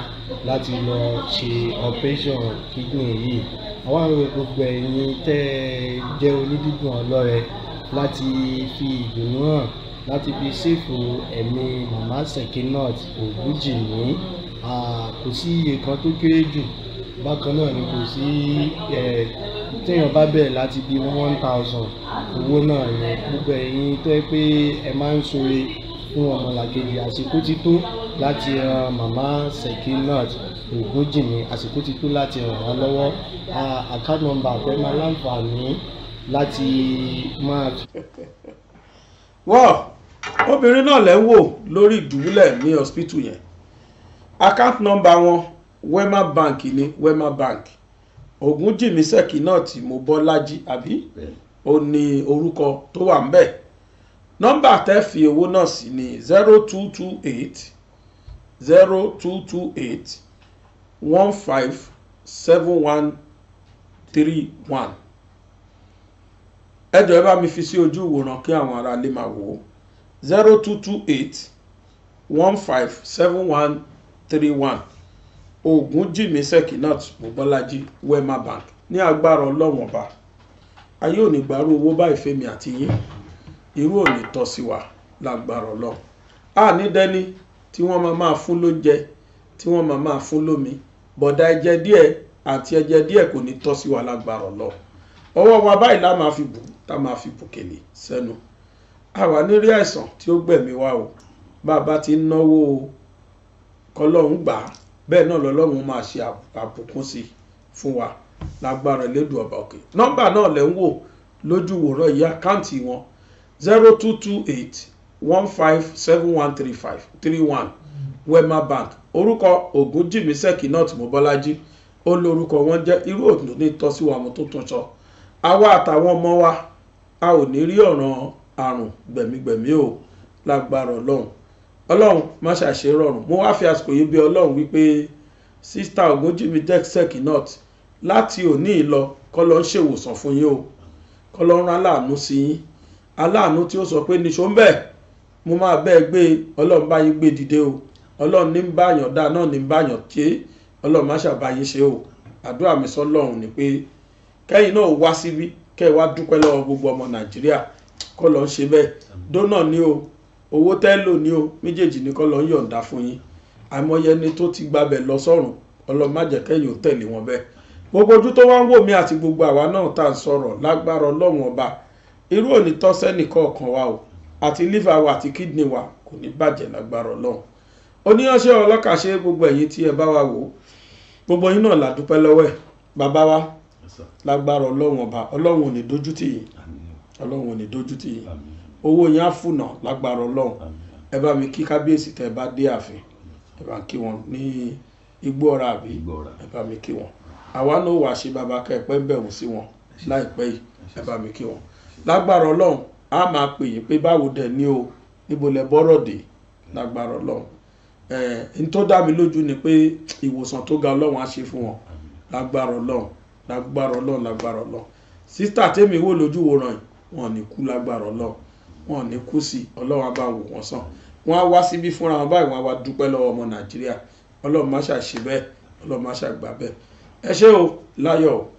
láti lọ ṣe operation kidney yìí àwọn àwọn gbogbo ẹ̀yin tẹ́ ẹ jẹ́ onídídùn ọlọ́rẹ láti fi ìdùnnú hàn láti fi ṣèfò ẹ̀mí màmá Sekinat Ògúnjìmí kò sí iye kan tó kéré jù bákan náà ni kò sí téèyàn bá bẹ̀rẹ̀ láti bí one thousand owó náà ni gbogbo ẹ̀yin tẹ́ pé ẹ máa ń ṣoore fún ọmọlàkejì àsìkò ti tó láti ran màmá Sekinat Ògúnjìmí àsìkò ti tó láti ràn wá lọ́wọ́ account number àfẹ́ máa láǹfààní láti máa. wọ́ọ̀ obìnrin náà lẹ́ ń wò lórí ìdùbúlẹ̀ ní hospital yẹn account number wọn Wema Bank ni Wema Bank Ògúnjìmí Sekinat Mobọ́lájí àbí ó ní orúkọ tó wà ń bẹ́ẹ̀ nọ́mbà tẹ́ fi owó náà sí ni zero two two eight zero two two eight one five seven one three one ẹ jọ̀ọ́ ẹ bá mi fi sí ojú ìwòran kí àwọn ará lè máa wò ó zero two two eight one five seven one three one Ògúnjìmí Sekinat Mobọ́lájí Wema Bank ní agbára Ọlọ́run ọba ayé ò ní gbàrú owó báyìí fẹ́mi àti yín irú ò ní tọ́ sí wa lágbára ọlọ́run a ní dẹ́ni tí wọ́n máa máa fún lóúnjẹ tí wọ́n máa máa fún lómi bọ̀dà ẹ̀jẹ̀ díẹ̀ àti ẹ̀jẹ̀ díẹ̀ kò ní tọ́ sí wa lágbára ọlọ́run ọwọ́ wa báyìí la máa fi bù tá máa fi bùkèlè sẹ́nu àwa nírí àìsàn tí ó gbẹ̀mí wa o bàbá ti ń náwó kọlọ́run gbà á bẹ́ẹ̀ náà lọ́lọ́run máa ṣe àbùkún sí fún wa lágbára elédùn ọba òkè nọ́mbà náà lẹ́ ń wò lójú wòrán yìí àkáǹtì wọn 0244 zero two two eight one five seven one three five three one Wema Bank orúkọ Ògúnjìmí Sekinat Mobọ́lájí ó lórúkọ wọn jẹ́ irú òdùnnú ní tọ́síwá mo tó tún sọ àwa àtàwọn ọmọ wa a ò ní rí ọ̀ràn àrùn gbẹ̀mígbẹ̀mí o lágbára ọlọ́run ọlọ́run má ṣàṣe rọrùn mo wá fi àsìkò yìí bí ọlọ́run wípé sista Ògúnjìmí Sekinat láti òní ìlọ kọ́ ló ń ṣèwòsàn fún yín o kọ́ ló ń rán láàánú sí yín aláàánú tí ó sọ pé níṣó ń bẹ̀ mo máa bẹ́ẹ̀ gbé ọlọ́run bá yín gbé dìde o ọlọ́run ní ń báyàn dá náà ní ń báyàn ké ọlọ́run má ṣàbáyé ṣe o àdúrà mi sọ́lọ́run ni pé kẹ́yìn náà wá síbí kẹ́ẹ̀ wá dúpẹ́ lọ́wọ́ gbogbo ọmọ nàìjíríà kọ́ lọ́ọ́ ṣe bẹ́ẹ̀ dónà ni o owó tẹ́ lò ní o méjèèjì ní kọ́ lọ́ọ́ yọ̀ǹda fún yín àìmọye ẹni tó ti gbabẹ̀ lọ sọ́run ọlọ́run má jẹ́ kẹ́yìn ò tẹ̀lé irú òní tọ́sẹ́ nìkan ọkàn wa o àti liver wa àti kidney wa kò ní bàjẹ́ lágbára ọlọ́run oníyanṣẹ́ ọlọ́kà ṣe gbogbo ẹ̀yin tí ẹ bá wa wò ó gbogbo yín náà làdúpẹ́ lọ́wọ́ ẹ̀ bàbá wa lágbára ọlọ́run ọba ọlọ́run ò ní dojú tì yín ọlọ́run ò ní dojú tì yín owó yín á fùnà lágbára ọlọ́run ẹ bá mi kí kábíyèsí tẹ ẹ bá dé ààfin ẹ bá kí wọn ní igbó ọ̀rá àbí ẹ bá mi kí wọn àwa náà wàá ṣe bàbá kẹ ẹ pẹ́ bẹ̀rù sí wọn láìpẹ́ yìí ẹ bá mi kí wọn lágbára ọlọ́run a máa pè yín pé báwo dẹ̀ ni o níbo lẹ bọ́rọ̀ dé lágbára ọlọ́run ẹ̀ẹ́n tó dá mi lójú ni pé ìwòsàn tó ga ọlọ́run á ṣe fún wọn lágbára ọlọ́run lágbára ọlọ́run lágbára ọlọ́run sísítà tèmi wò lójú wòran yìí wọn ò ní kú lágbára ọlọ́run wọn ní kú sí ọlọ́run á bá wò wọ́n sàn wọ́n á wá síbí fúnra wọn báyìí wọ́n á wá dúpẹ́ lọ́wọ́ ọmọ nàìjíríà ọlọ́run má ṣàṣe bẹ́ẹ̀ ọlọ́run má ṣàgbà bẹ́ẹ̀ ẹ ṣé o láyọ̀ o.